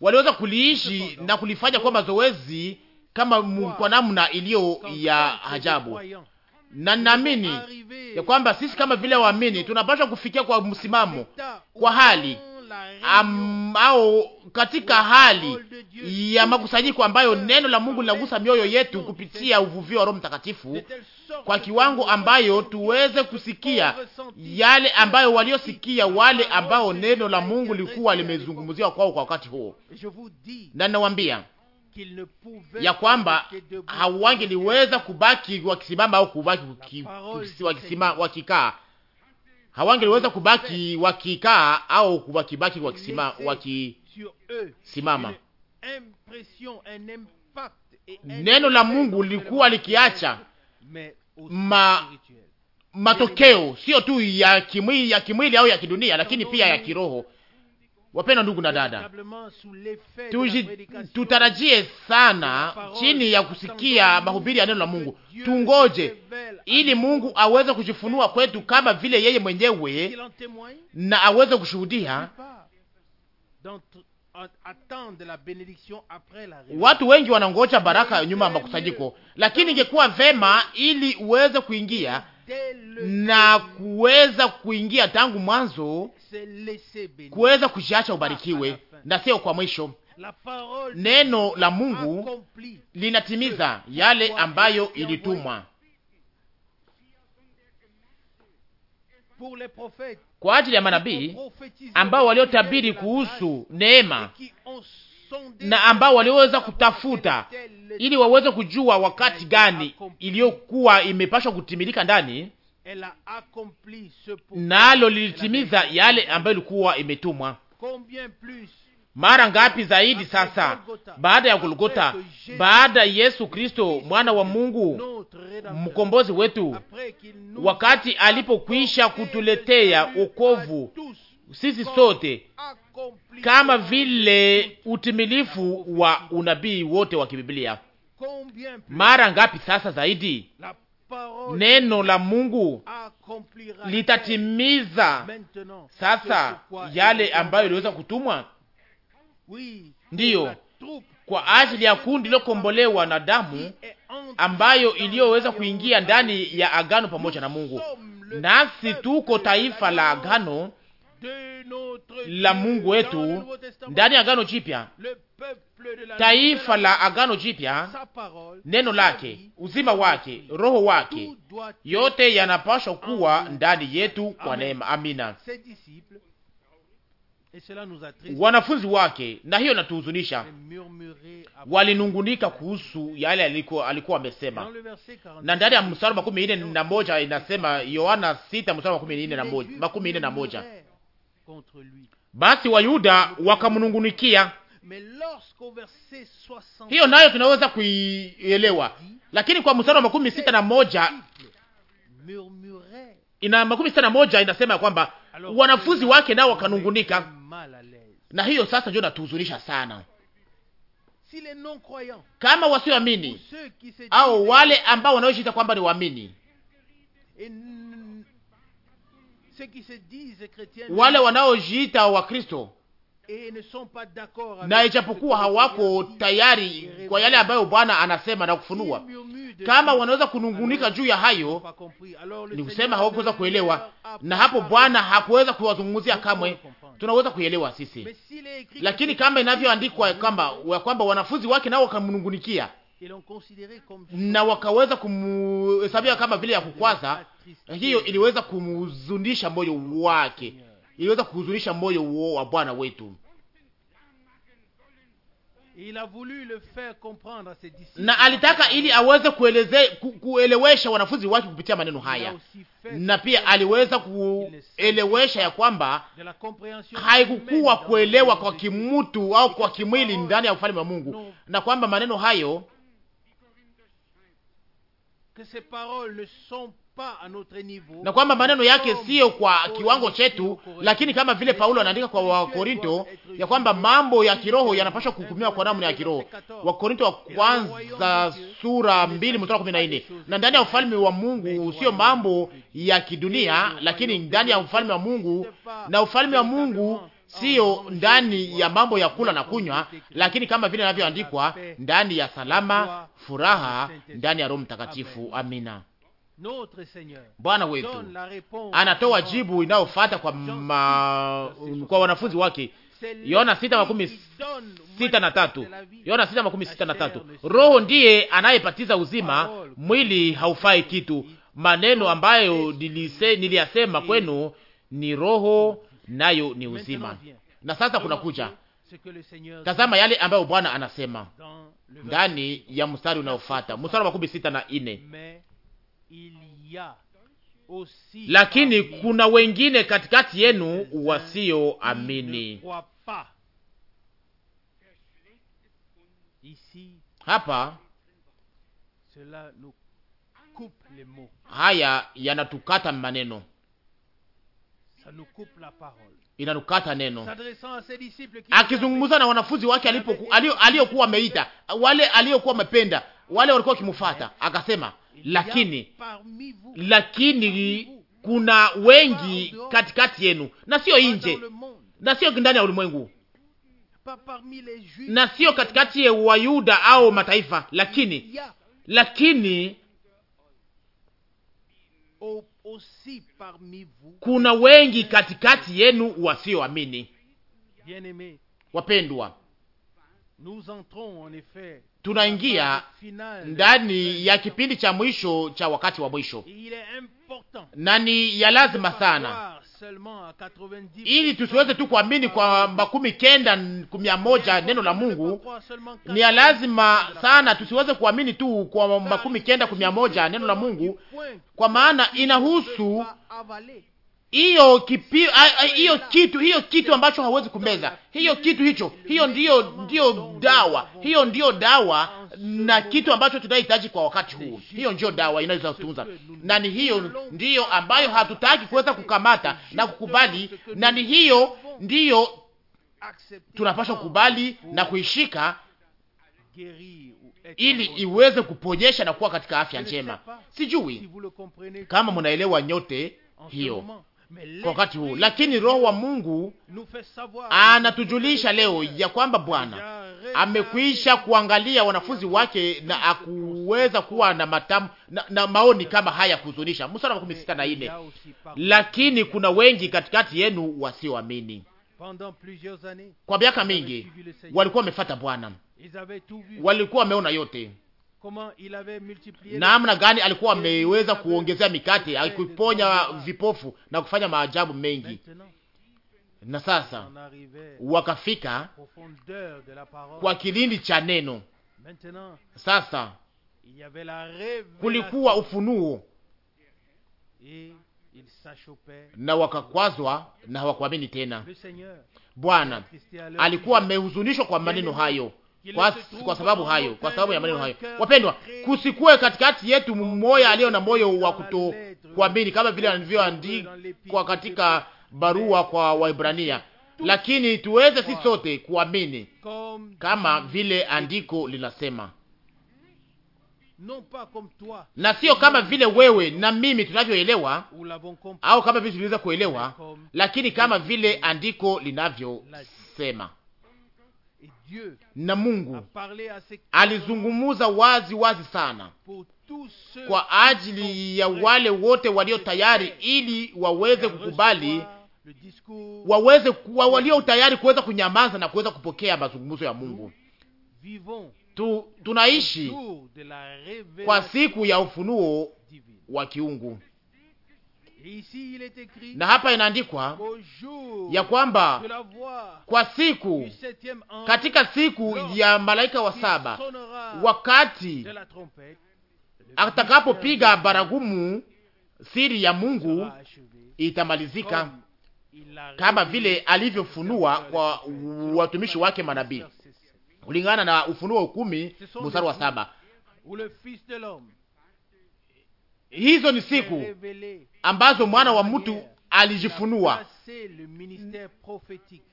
waliweza kuliishi na kulifanya kwa mazoezi kama kwa namna iliyo ya ajabu, na ninaamini ya kwamba sisi kama vile waamini tunapaswa kufikia kwa msimamo, kwa hali ambao katika hali ya makusanyiko ambayo neno la Mungu linagusa mioyo yetu kupitia uvuvio wa Roho Mtakatifu kwa kiwango ambayo tuweze kusikia yale ambayo waliosikia wale ambao neno la Mungu lilikuwa limezungumziwa kwao kwa wakati huo, na nawaambia ya kwamba hawangeliweza kubaki wakisimama au kubaki wakikaa hawangeliweza kubaki wakikaa au wakibaki wakisimama. Neno la Mungu lilikuwa likiacha ma, matokeo sio tu ya kimwili, ya kimwili au ya kidunia, lakini pia ya kiroho wapenda ndugu na dada, tutarajie sana chini ya kusikia mahubiri ya neno la Mungu. Tungoje ili Mungu aweze kujifunua kwetu kama vile yeye mwenyewe na aweze kushuhudia. Watu wengi wanangoja baraka nyuma ya makusanyiko, lakini ingekuwa vema ili uweze kuingia na kuweza kuingia tangu mwanzo, kuweza kujiacha ubarikiwe na sio kwa mwisho. Neno la Mungu linatimiza yale ambayo ilitumwa kwa ajili ya manabii ambao waliotabiri kuhusu neema na ambao waliweza kutafuta ili waweze kujua wakati gani iliyokuwa imepashwa kutimilika ndani, nalo lilitimiza yale ambayo ilikuwa imetumwa. Mara ngapi zaidi sasa, baada ya Golgota, baada ya Yesu Kristo mwana wa Mungu mkombozi wetu, wakati alipokwisha kutuletea wokovu sisi sote kama vile utimilifu wa unabii wote wa kibiblia. Mara ngapi sasa zaidi neno la Mungu litatimiza sasa yale ambayo iliweza kutumwa, ndiyo kwa ajili ya kundi lilokombolewa na damu ambayo iliyoweza kuingia ndani ya agano pamoja na Mungu. Nasi tuko taifa la agano la Mungu wetu ndani ya Agano Jipya, taifa la Agano Jipya, neno lake, uzima wake, roho wake, yote yanapashwa kuwa ndani yetu kwa neema. Amina. Wanafunzi wake, na hiyo natuhuzunisha, walinungunika kuhusu yale alikuwa alikuwa amesema, na ndani ya mstari makumi nne na moja inasema, Yohana sita mstari makumi nne na moja basi Wayuda wakamnungunikia. Hiyo nayo tunaweza kuielewa, lakini kwa mstari wa makumi sita na moja ina makumi sita na moja inasema ya kwamba wanafunzi wake nao wakanungunika, na hiyo sasa ndio natuhuzunisha sana kama wasioamini au wale ambao wanaojiita kwamba ni waamini wale wanaojiita Wakristo na ijapokuwa hawako tayari kwa yale ambayo Bwana anasema na kufunua, kama wanaweza kunungunika juu ya hayo, ni kusema hawakuweza kuelewa, na hapo Bwana hakuweza kuwazungumzia kamwe. Tunaweza kuelewa sisi, lakini kama inavyoandikwa kwamba kwamba wanafunzi wake nao wakamnungunikia, na wakaweza kumhesabia kama vile ya kukwaza. Hiyo iliweza kumhuzunisha moyo wake, iliweza kuhuzunisha moyo wa Bwana wetu, na alitaka ili aweze kueleze, kuelewesha wanafunzi wake kupitia maneno haya, na pia aliweza kuelewesha ya kwamba haikukuwa kuelewa kwa kimutu au kwa kimwili ndani ya ufalme wa Mungu, na kwamba maneno hayo na kwamba maneno yake siyo kwa kiwango chetu, lakini kama vile Paulo anaandika kwa Wakorinto ya kwamba mambo ya kiroho yanapaswa kuhukumiwa kwa namna ya kiroho. Wakorinto wa kwanza sura mbili mstari kumi na nne na ndani ya ufalme wa Mungu sio mambo ya kidunia, lakini ndani ya ufalme wa Mungu na ufalme wa Mungu sio ndani ya mambo ya kula na kunywa, lakini kama vile inavyoandikwa ndani ya salama, furaha ndani ya Roho Mtakatifu. Amina. Bwana wetu anatoa jibu inayofuata kwa, ma... kwa wanafunzi wake Yohana sita makumi sita na tatu Yohana sita makumi sita na tatu Roho ndiye anayepatiza uzima, mwili haufai kitu. Maneno ambayo niliyasema kwenu ni roho nayo ni uzima. Na sasa kuna kuja tazama yale ambayo Bwana anasema ndani ya mstari unaofuata, mstari wa makumi sita na ine lakini kuna wengine katikati yenu wasioamini. Hapa haya yanatukata maneno inanukata neno, akizungumza na wanafunzi wake aliyokuwa ameita wale aliyokuwa amependa wale walikuwa wakimufata eh, akasema lakini lakini kuna wengi katikati yenu, na sio nje, na sio ndani ya ulimwengu, na sio katikati ya Wayuda au mataifa, lakini lakini kuna wengi katikati yenu wasioamini. Wapendwa, tunaingia ndani ya kipindi cha mwisho cha wakati wa mwisho, na ni ya lazima sana ili tusiweze tu kuamini kwa makumi kenda kumia moja neno la Mungu. Ni ya lazima sana tusiweze kuamini tu kwa makumi kenda kumia moja neno la Mungu, kwa maana inahusu hiyo hiyo kitu hiyo kitu ambacho hawezi kumeza, hiyo kitu hicho, hiyo ndiyo ndiyo dawa, hiyo ndiyo dawa na kitu ambacho tunahitaji kwa wakati huu. Hiyo ndiyo dawa inaweza kutunza, na ni hiyo ndiyo ambayo hatutaki kuweza kukamata na kukubali, na ni hiyo ndiyo tunapaswa kukubali na kuishika ili iweze kuponyesha na kuwa katika afya njema. Sijui kama mnaelewa nyote hiyo kwa wakati huu, lakini Roho wa Mungu anatujulisha leo ya kwamba Bwana amekwisha kuangalia wanafunzi wake na akuweza kuwa na matamu na, na maoni kama haya kuhuzunisha. Mstari wa kumi sita na nne, lakini kuna wengi katikati yenu wasioamini. Kwa miaka mingi walikuwa wamefuata Bwana, walikuwa wameona yote namna gani alikuwa ameweza kuongezea mikate, akuponya vipofu na kufanya maajabu mengi. Na sasa wakafika kwa kilindi cha neno. Sasa kulikuwa ufunuo na wakakwazwa na hawakuamini tena. Bwana alikuwa amehuzunishwa kwa maneno hayo kwa, kwa sababu hayo, kwa sababu ya maneno hayo. Wapendwa, kusikue katikati yetu mmoja aliyo na moyo wa kutokuamini kama vile alivyoandikwa katika barua kwa Waibrania, lakini tuweze sisi sote kuamini kama vile andiko linasema, na sio kama vile wewe na mimi tunavyoelewa au kama vile tuliweza kuelewa, lakini kama vile andiko linavyosema na Mungu alizungumuza wazi wazi sana kwa ajili ya wale wote walio tayari, ili waweze kukubali, waweze kuwa walio tayari kuweza kunyamaza na kuweza kupokea mazungumzo ya Mungu. Tu, tunaishi kwa siku ya ufunuo wa kiungu na hapa inaandikwa ya kwamba kwa siku, katika siku ya malaika wa saba, wakati atakapopiga baragumu, siri ya Mungu itamalizika kama vile alivyofunua kwa watumishi wake manabii, kulingana na Ufunuo kumi mstari wa saba. Hizo ni siku ambazo mwana wa mtu alijifunua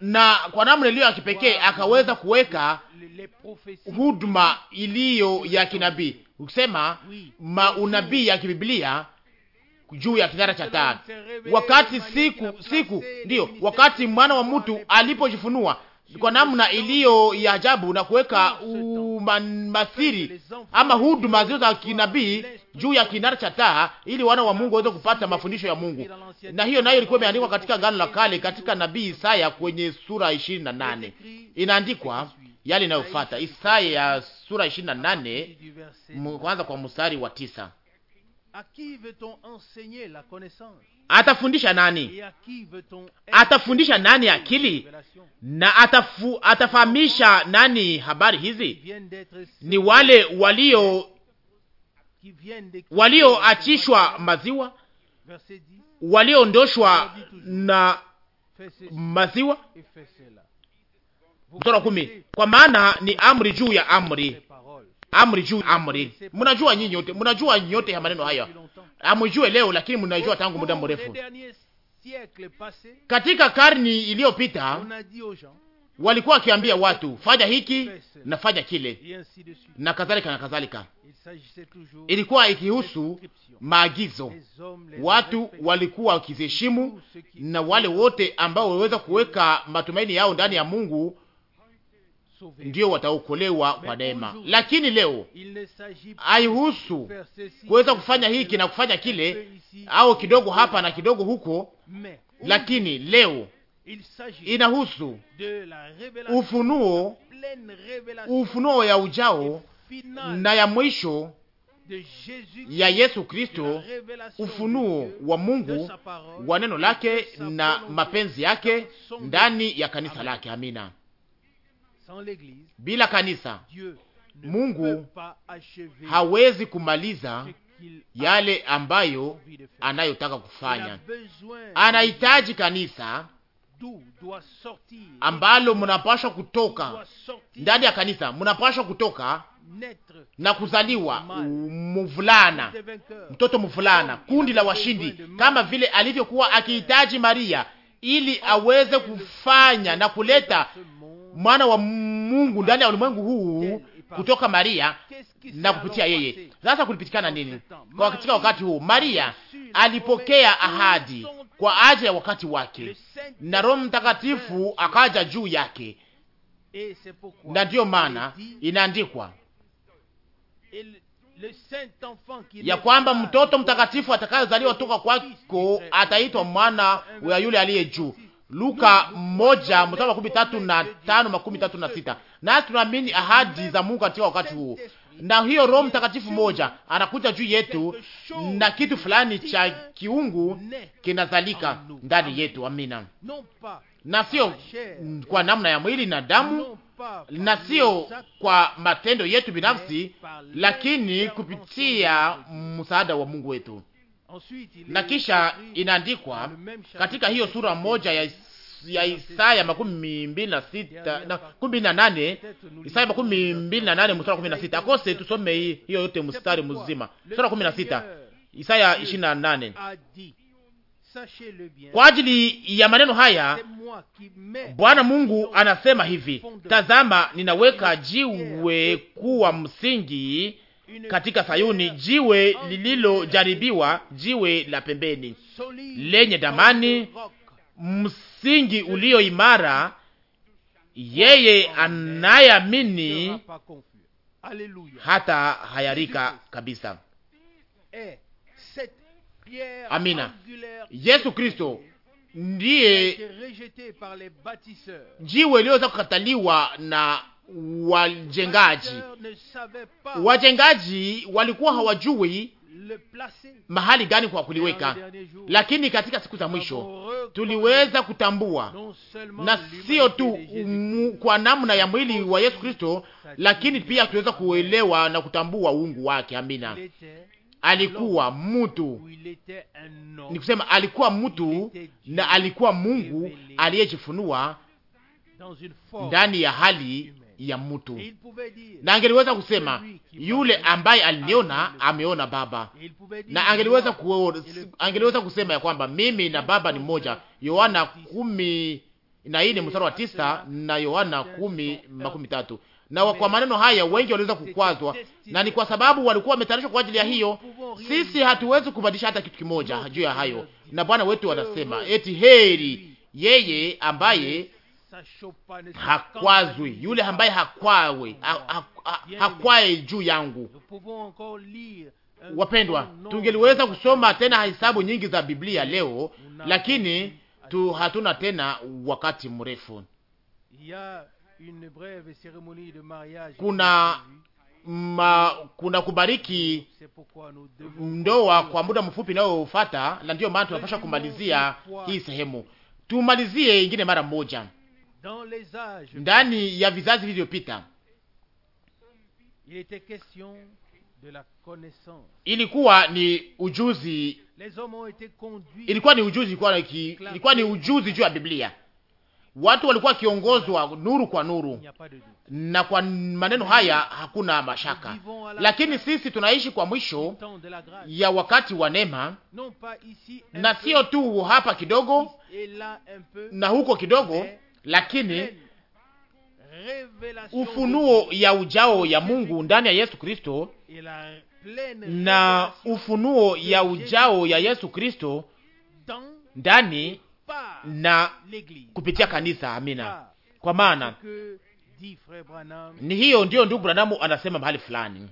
na kwa namna iliyo ya kipekee akaweza kuweka huduma iliyo ya kinabii, ukisema maunabii ya kibiblia juu ya kidara cha taa, wakati siku siku ndiyo wakati mwana wa mtu alipojifunua kwa namna iliyo ya ajabu na kuweka umasiri ama huduma zio za kinabii juu ya kinara cha taa, ili wana wa Mungu waweze kupata mafundisho ya Mungu. Na hiyo nayo ilikuwa imeandikwa katika Agano la Kale, katika nabii Isaya kwenye sura ishirini na nane inaandikwa yale inayofuata. Isaya sura ishirini na nane kwanza kwa mstari wa tisa. Atafundisha nani? Atafundisha nani akili na atafu, atafahamisha nani habari hizi? Ni wale walio walioachishwa maziwa, walioondoshwa na maziwa. Kwa maana ni amri juu ya amri, amri juu amri. Mnajua nyinyi nyote, mnajua nyote ya maneno haya, amjue leo, lakini mnajua tangu muda mrefu. Katika karni iliyopita walikuwa wakiambia watu fanya hiki na fanya kile na kadhalika na kadhalika. Ilikuwa ikihusu maagizo, watu walikuwa wakiziheshimu, na wale wote ambao waweza kuweka matumaini yao ndani ya Mungu ndio wataokolewa kwa neema. Lakini leo haihusu kuweza kufanya hiki na kufanya kile au kidogo hapa na kidogo huko, lakini leo inahusu ufunuo, ufunuo ya ujao na ya mwisho ya Yesu Kristo, ufunuo wa Mungu wa neno lake na mapenzi yake ndani ya kanisa lake. Amina. Bila kanisa Mungu hawezi kumaliza yale ambayo anayotaka kufanya. Anahitaji kanisa ambalo munapashwa kutoka ndani ya kanisa, munapashwa kutoka na kuzaliwa mvulana, mtoto mvulana, kundi la washindi, kama vile alivyokuwa akihitaji Maria ili aweze kufanya na kuleta mwana wa Mungu ndani ya ulimwengu huu kutoka Maria na kupitia yeye. Sasa kulipitikana nini kwa katika wakati huu? Maria alipokea ahadi kwa ajili ya wakati wake, na Roho Mtakatifu akaja juu yake, e, na ndiyo maana e, inaandikwa e, ya kwamba mtoto mtakatifu atakayozaliwa toka kwako ataitwa mwana wa yule aliye juu. Luka moja mstari makumi tatu na tano makumi tatu na sita. Nasi tunaamini ahadi za Mungu katika wakati huu, na hiyo Roho Mtakatifu moja anakuja juu yetu na kitu fulani cha kiungu kinazalika ndani yetu. Amina, na sio kwa namna ya mwili na damu na sio kwa matendo yetu binafsi, lakini kupitia msaada wa Mungu wetu na kisha inaandikwa katika hiyo sura moja ya ya Isaya makumi mbili na sita na kumi na nane Isaya makumi mbili na nane mstari wa kumi na sita akose tusome hiyo yote mstari mzima, sura wa kumi na sita Isaya ishirini na nane Kwa ajili ya maneno haya Bwana Mungu anasema hivi: tazama, ninaweka jiwe kuwa msingi katika Sayuni, jiwe lililojaribiwa, jiwe la pembeni lenye damani, msingi ulio imara. Yeye anayeamini hata hayarika kabisa. Amina. Yesu Kristo ndiye jiwe iliyoweza kukataliwa na wajengaji. Wajengaji walikuwa hmm. hawajui mahali gani kwa kuliweka, lakini katika siku za mwisho tuliweza kutambua, na sio tu umu, kwa namna ya mwili wa Yesu Kristo, lakini pia tuweza kuelewa na kutambua uungu wake. Amina. Alikuwa mtu, ni kusema alikuwa mtu na alikuwa Mungu aliyejifunua ndani ya hali ya mtu, na angeliweza kusema yule ambaye aliniona ameona Baba, na angeliweza ku, angeliweza kusema ya kwamba mimi na Baba ni mmoja, Yohana kumi na ine mstari wa tisa na Yohana kumi makumi tatu. Na kwa maneno haya wengi waliweza kukwazwa, na ni kwa sababu walikuwa wametarishwa kwa ajili ya hiyo. Sisi hatuwezi kubadilisha hata kitu kimoja juu ya hayo, na Bwana wetu anasema eti heri yeye ambaye hakwazwi, yule ambaye hakwawe ha, ha, hakwae juu yangu. Euh, Wapendwa, tungeliweza kusoma tena hesabu nyingi za Biblia leo, lakini tu hatuna tena wakati mrefu. Kuna ma, kuna kubariki ndoa kwa muda mfupi inayofuata, na ndiyo maana tunapasha kumalizia hii sehemu. Tumalizie ingine mara moja ndani ya vizazi vilivyopita ilikuwa ni ujuzi, ilikuwa ni ujuzi, ilikuwa ni ujuzi juu ya Biblia. Watu walikuwa wakiongozwa nuru kwa nuru, na kwa maneno haya hakuna mashaka. Lakini sisi tunaishi kwa mwisho ya wakati wa neema, na sio tu hapa kidogo na huko kidogo, lakini ufunuo ya ujao ya Mungu ndani ya Yesu Kristo na ufunuo ya ujao ya Yesu Kristo ndani na kupitia kanisa. Amina. Ah, Kwa maana ni hiyo ndiyo ndugu Branamu anasema mahali fulani,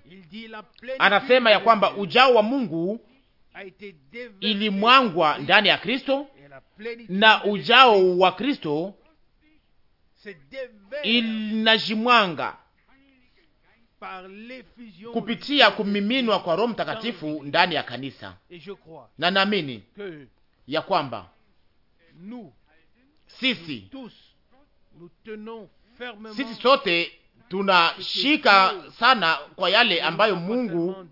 anasema ya kwamba ujao wa Mungu ilimwangwa ndani ya Kristo na ujao wa Kristo inajimwanga kupitia kumiminwa kwa Roho Mtakatifu ndani ya kanisa, na naamini ya kwamba sisi sisi sote tunashika sana kwa yale ambayo Mungu,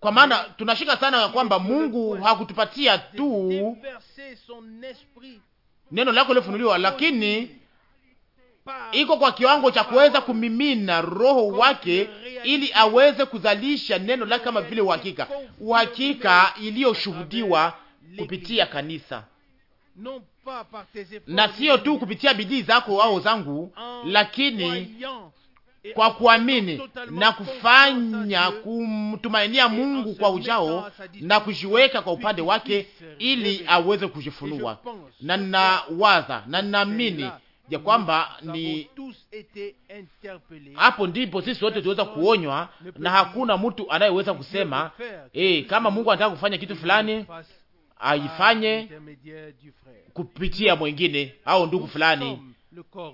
kwa maana tunashika sana ya kwamba Mungu hakutupatia tu neno lako lilofunuliwa, lakini iko kwa kiwango cha kuweza kumimina roho wake ili aweze kuzalisha neno lake kama vile uhakika, uhakika iliyoshuhudiwa kupitia kanisa na siyo tu kupitia bidii zako au zangu, lakini kwa kuamini na kufanya kumtumainia Mungu kwa ujao na kujiweka kwa upande wake ili aweze kujifunua. Na ninawaza na ninaamini ya kwamba ni hapo ndipo sisi wote tuweza kuonywa, na hakuna mtu anayeweza kusema eh, kama Mungu anataka kufanya kitu fulani aifanye kupitia mwingine au ndugu fulani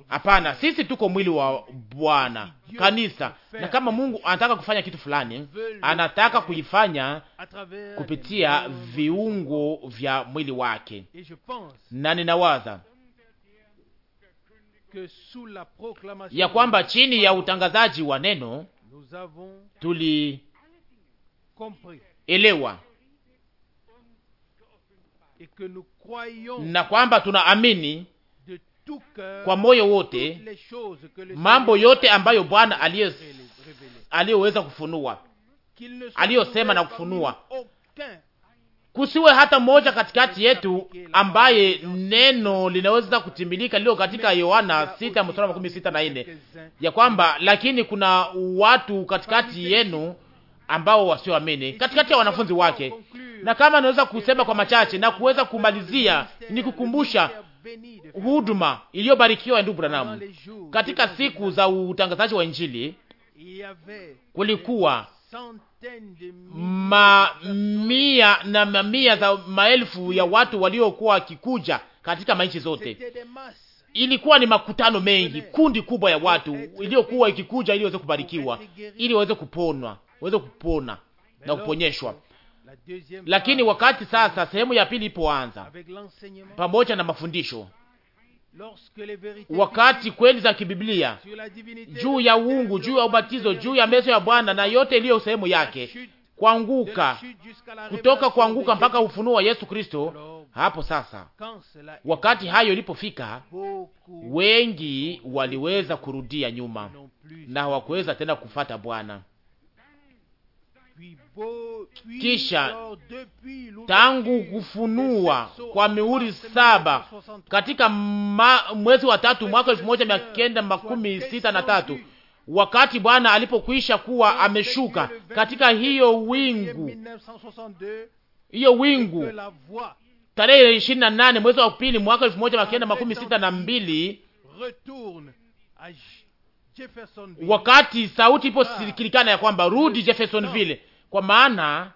Hapana, sisi tuko mwili wa Bwana kanisa, na kama Mungu anataka kufanya kitu fulani, anataka kuifanya kupitia viungo vya mwili wake, na ninawaza ya kwamba chini ya utangazaji wa neno tulielewa na kwamba tunaamini kwa moyo wote mambo yote ambayo Bwana aliyoweza kufunua, aliyosema na kufunua. Kusiwe hata mmoja katikati yetu ambaye neno linaweza kutimilika lilo katika Yohana sita mstari na ya kwamba lakini kuna watu katikati yenu ambao wasioamini, katikati ya wanafunzi wake. Na kama naweza kusema kwa machache na kuweza kumalizia, ni kukumbusha huduma iliyobarikiwa ya ndugu Branham katika siku za utangazaji wa Injili, kulikuwa mamia na mamia za maelfu ya watu waliokuwa wakikuja katika manchi zote. Ilikuwa ni makutano mengi, kundi kubwa ya watu iliyokuwa ikikuja ili waweze kubarikiwa, ili waweze kuponwa, waweze kupona na kuponyeshwa. Lakini wakati sasa sehemu ya pili ipoanza pamoja na mafundisho, wakati kweli za kibiblia juu ya uungu, juu ya ubatizo, juu ya meso ya Bwana na yote iliyo sehemu yake, kuanguka kutoka kuanguka mpaka ufunuo wa Yesu Kristo. Hapo sasa, wakati hayo ilipofika, wengi waliweza kurudia nyuma na hawakuweza tena kufata Bwana kisha tangu kufunua kwa mihuri saba katika ma, mwezi wa tatu mwaka elfu moja mia kenda makumi sita na tatu wakati Bwana alipokwisha kuwa ameshuka katika hiyo wingu hiyo wingu tarehe ishirini na nane mwezi wa pili mwaka elfu moja mia kenda makumi sita na mbili wakati sauti iposikilikana ah. ya kwamba rudi Jeffersonville kwa maana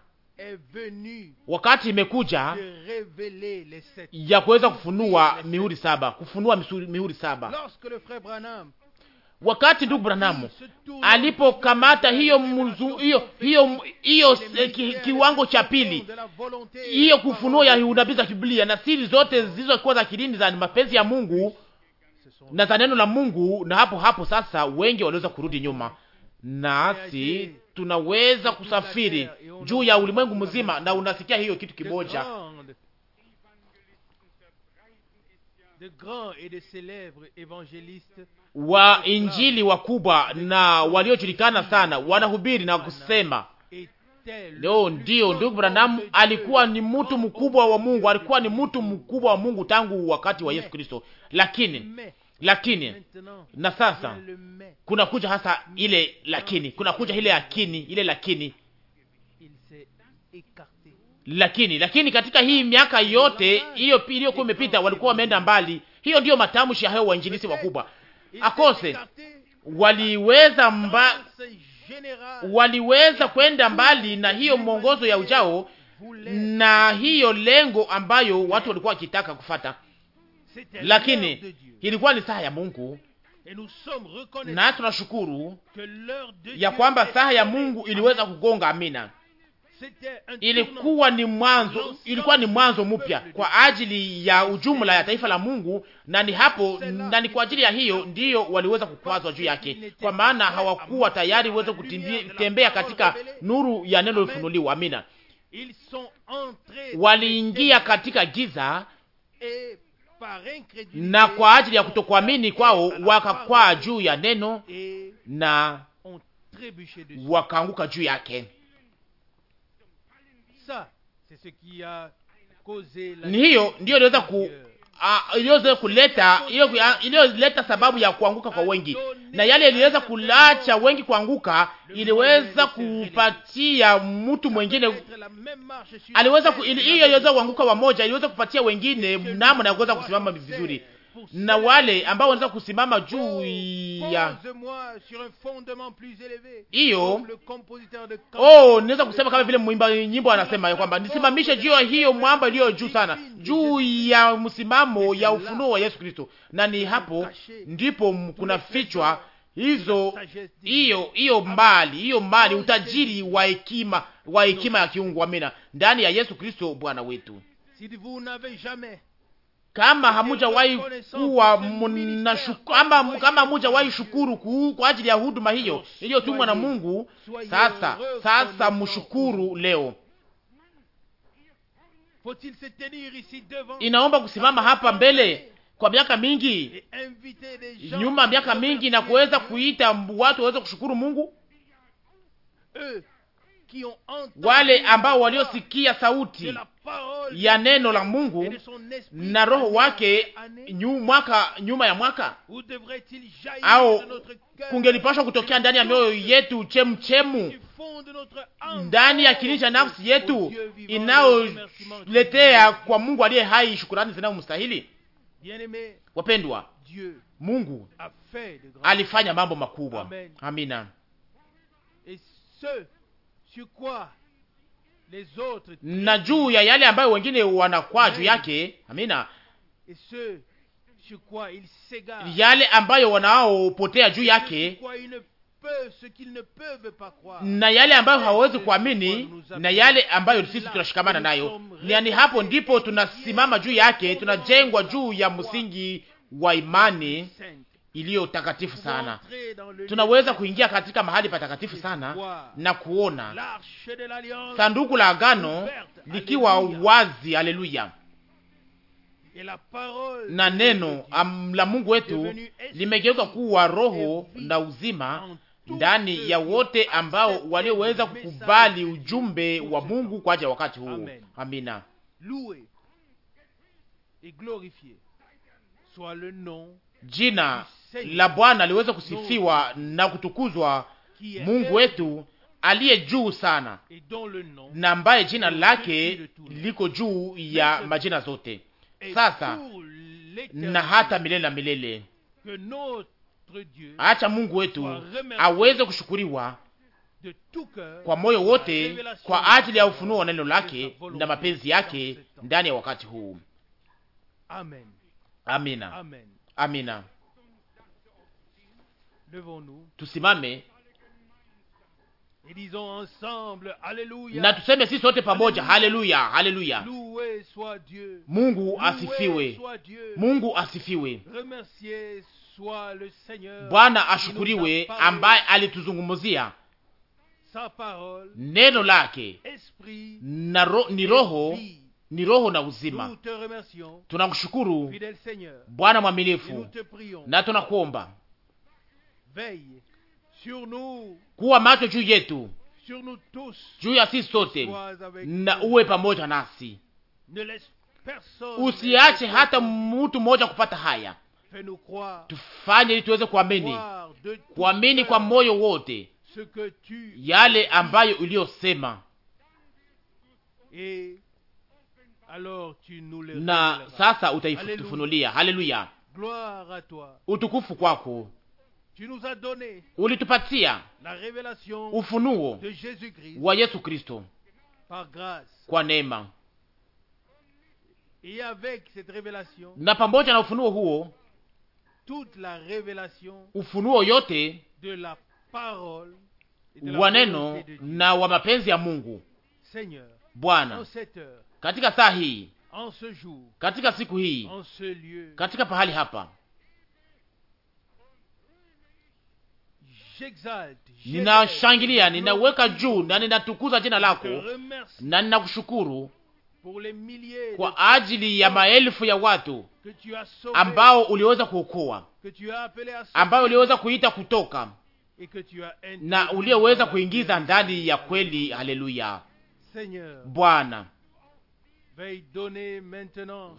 wakati imekuja ya kuweza kufunua mihuri saba, kufunua mihuri saba. Wakati ndugu Branamu alipokamata hiyo mzu, hiyo hiyo, hiyo eh, ki, kiwango cha pili, hiyo kufunua ya unabii za Biblia na siri zote zilizokuwa za kidini za mapenzi ya Mungu na za neno la Mungu, na hapo hapo sasa wengi waliweza kurudi nyuma, nasi tunaweza kusafiri juu ya ulimwengu mzima, na unasikia hiyo kitu kimoja wa injili wakubwa na waliojulikana sana wanahubiri na kusema leo. Ndio ndugu Branham alikuwa ni mtu mkubwa wa Mungu, alikuwa ni mtu mkubwa wa Mungu tangu wakati wa Yesu Kristo, lakini lakini na sasa kuna kuja hasa ile lakini, kuna kuja ile lakini, ile lakini, lakini lakini, katika hii miaka yote hiyo iliyokuwa imepita, walikuwa wameenda mbali. Hiyo ndiyo matamshi hayo wainjilisi wakubwa akose waliweza mba, waliweza kwenda mbali na hiyo mwongozo ya ujao na hiyo lengo ambayo watu walikuwa wakitaka kufata lakini ilikuwa ni saa ya Mungu, na tunashukuru ya kwamba saa ya Mungu iliweza kugonga. Amina. Ilikuwa ni mwanzo, ilikuwa ni mwanzo mpya kwa ajili ya ujumla ya taifa la Mungu, na ni hapo na ni kwa ajili ya hiyo ndiyo waliweza kukwazwa juu yake, kwa maana hawakuwa tayari weze kutembea katika nuru ya neno lifunuliwa. Amina, waliingia katika giza na kwa ajili ya kutokuamini kwao wakakwaa juu ya neno na wakaanguka juu yake. Ni hiyo ndiyo iliweza ku Ah, iliyoweza kuleta hiyo iliyoleta sababu ya kuanguka kwa wengi, na yale iliweza kulacha wengi kuanguka, iliweza kupatia mtu mwingine aliweza hiyo iliweza kuanguka wa moja iliweza kupatia wengine namna na kuweza kusimama vizuri na wale ambao wanaweza kusimama juu ya hiyo. Oh, naweza kusema kama vile mwimba nyimbo anasema ya kwamba nisimamishe juu ya hiyo mwamba iliyo juu sana, juu ya msimamo ya ufunuo wa Yesu Kristo, na ni hapo ndipo kuna fichwa hizo hiyo hiyo mbali hiyo mbali utajiri wa hekima wa hekima ya kiungu. Amina, ndani ya Yesu Kristo Bwana wetu kama hamujawahi kuwa mnashukuru, kama hamujawahi shukuru kuu kwa ajili ya huduma hiyo iliyotumwa na Mungu. Sasa sasa mshukuru leo. Inaomba kusimama hapa mbele kwa miaka mingi nyuma, miaka mingi, na kuweza kuita watu waweze kushukuru Mungu, wale ambao waliosikia sauti ya neno la Mungu na roho wake nyu, mwaka, nyuma ya mwaka au kungelipashwa kutokea ndani ya mioyo yetu chemuchemu ndani ya kilini cha nafsi yetu inayoletea kwa Mungu aliye hai shukurani zinazomstahili. Wapendwa, Mungu alifanya mambo makubwa. Amina na juu ya yale ambayo wengine wanakwaa juu yake. Amina, yale ambayo wanaopotea juu yake na yale ambayo hawawezi kuamini na yale ambayo sisi tunashikamana nayo, yaani hapo ndipo tunasimama juu yake, tunajengwa juu ya msingi wa imani iliyo takatifu sana. Tunaweza kuingia katika mahali patakatifu sana na kuona sanduku la agano likiwa wazi. Haleluya! na neno la Mungu wetu limegeuka kuwa roho na uzima ndani ya wote ambao walioweza kukubali ujumbe wa Mungu kwa ajili ya wakati huu. Amina jina la Bwana liweze kusifiwa na kutukuzwa, Mungu wetu aliye juu sana, na ambaye jina lake liko juu ya majina zote, sasa na hata milele na milele. Acha Mungu wetu aweze kushukuriwa kwa moyo wote kwa ajili ya ufunuo wa neno lake na mapenzi yake ndani ya wakati huu. Amen. Amina. Amen. Amina. Tusimame na tuseme sisi sote pamoja, haleluya, haleluya. Mungu asifiwe, Mungu asifiwe. Bwana ashukuriwe, ambaye alituzungumzia neno lake na ro, ni roho ni roho na uzima. Tunakushukuru Bwana mwaminifu, na tunakuomba kuwa macho juu yetu, juu ya sisi sote, na uwe pamoja nasi. Usiache hata mtu mmoja kupata haya. Tufanye ili tuweze kuamini, kuamini kwa moyo wote yale ambayo uliyosema na sasa utaifunulia. Haleluya, utukufu kwako. Ulitupatia ufunuo wa Yesu Kristo kwa neema, na pamoja na ufunuo huo, ufunuo yote wa neno na wa mapenzi ya Mungu Bwana katika saa hii, katika siku hii, katika pahali hapa ninashangilia, ninaweka juu na ninatukuza jina lako na ninakushukuru kwa ajili ya maelfu ya watu ambao uliweza kuokoa, ambao uliweza kuita kutoka na ulioweza kuingiza ndani ya kweli. Haleluya Bwana,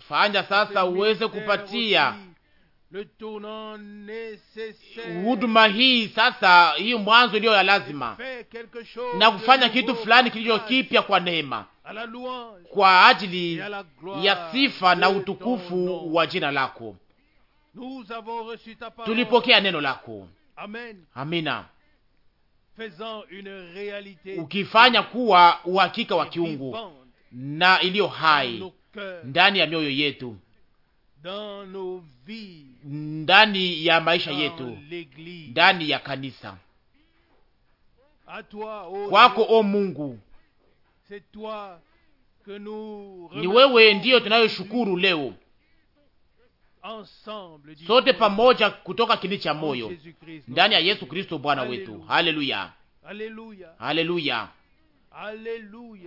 fanya sasa uweze kupatia huduma hii sasa, hiyo mwanzo iliyo ya lazima na kufanya kitu fulani kilicho kipya kwa neema, kwa ajili ya sifa na utukufu wa jina lako. Tulipokea neno lako, amina, ukifanya kuwa uhakika wa kiungu na iliyo hai uh, ndani ya mioyo yetu, ndani ya maisha yetu, ndani ya kanisa. Kwako o Mungu, ni wewe ndiyo tunayoshukuru leo sote pamoja kutoka kini cha moyo ndani ya Yesu Kristo Bwana wetu. Haleluya, haleluya, haleluya,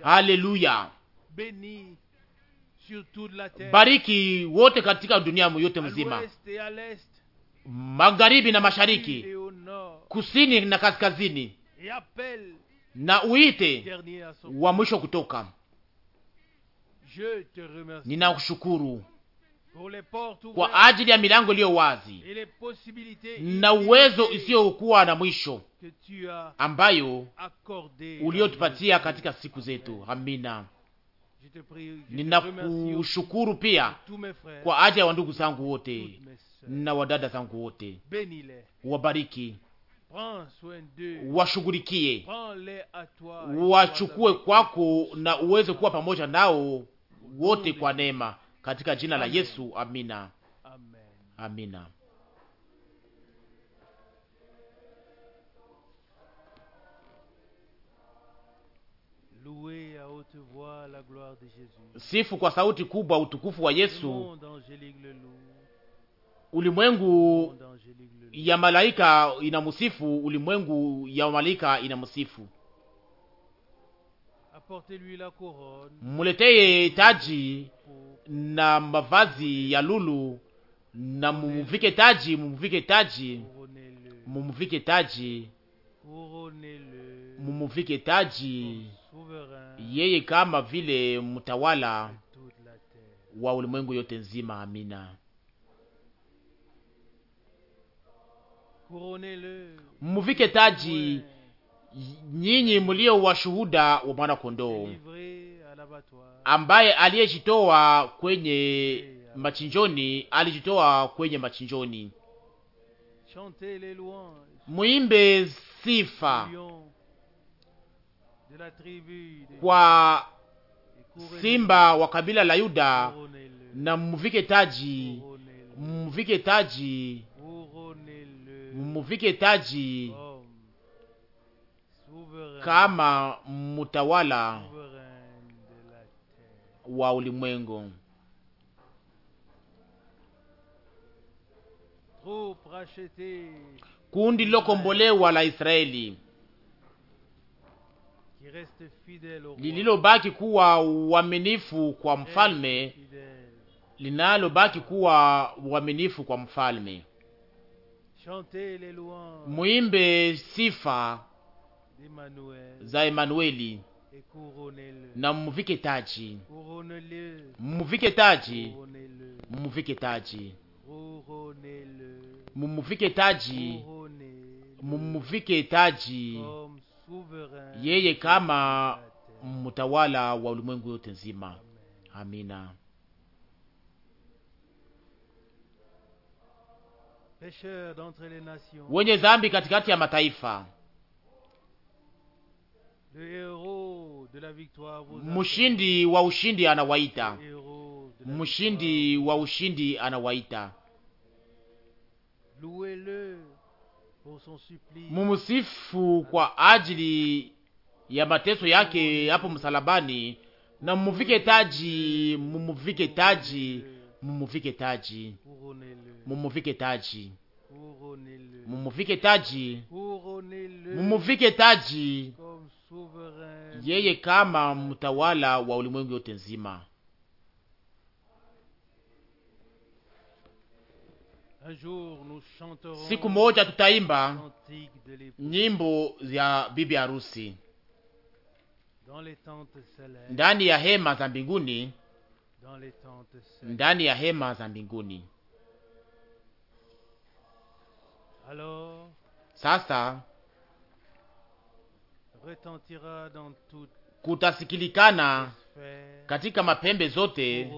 haleluya! bariki wote katika dunia yote mzima, magharibi na mashariki, kusini na kaskazini, na uite wa mwisho kutoka. Ninakushukuru kwa ajili ya milango iliyo wazi na uwezo isiyokuwa na mwisho ambayo uliotupatia katika siku zetu. Amina. Ninakushukuru pia kwa ajili ya wandugu zangu wote na wadada zangu wote, wabariki, washughulikie, wachukue kwako na uweze kuwa pamoja nao wote kwa neema, katika jina la Yesu. Amina, amina. Sifu kwa sauti kubwa utukufu wa Yesu. Ulimwengu ya malaika inamsifu, ulimwengu ya malaika inamsifu. Muleteye taji na mavazi ya lulu, na mumuvike taji, mumuvike taji, mumvike taji, mumuvike taji yeye kama vile mtawala wa ulimwengu yote nzima. Amina. Mvike taji nyinyi mulio washuhuda wa mwana kondoo ambaye aliyejitoa kwenye machinjoni, alijitoa kwenye machinjoni. Muimbe sifa kwa simba wa kabila la Yuda na mvike taji, mvike taji, mvike taji kama mutawala wa ulimwengu. Kundi lokombolewa la Israeli lililobaki kuwa uaminifu kwa mfalme, linalobaki kuwa uaminifu kwa mfalme. Muimbe sifa za Emanueli na muvike taji, muvike taji, muvike taji, mumuvike taji, mumuvike taji yeye kama mtawala wa ulimwengu yote nzima. Amina. Wenye dhambi katikati ya mataifa, mshindi wa ushindi anawaita, mshindi wa ushindi anawaita mumusifu kwa ajili ya mateso yake hapo msalabani, na mumuvike taji, mumuvike taji, mumuvike taji, mumuvike taji, mumuvike taji, mumuvike taji, yeye kama mtawala wa ulimwengu yote nzima. Siku moja tutaimba nyimbo ya bibi harusi ndani ya hema za mbinguni, ndani ya hema za mbinguni. Sasa kutasikilikana katika mapembe zote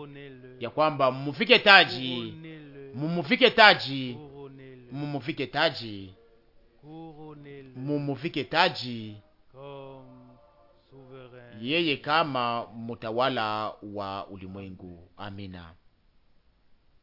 ya kwamba mufike taji mumuvike taji, mumuvike taji, mumuvike taji yeye kama mutawala wa ulimwengu. Amina.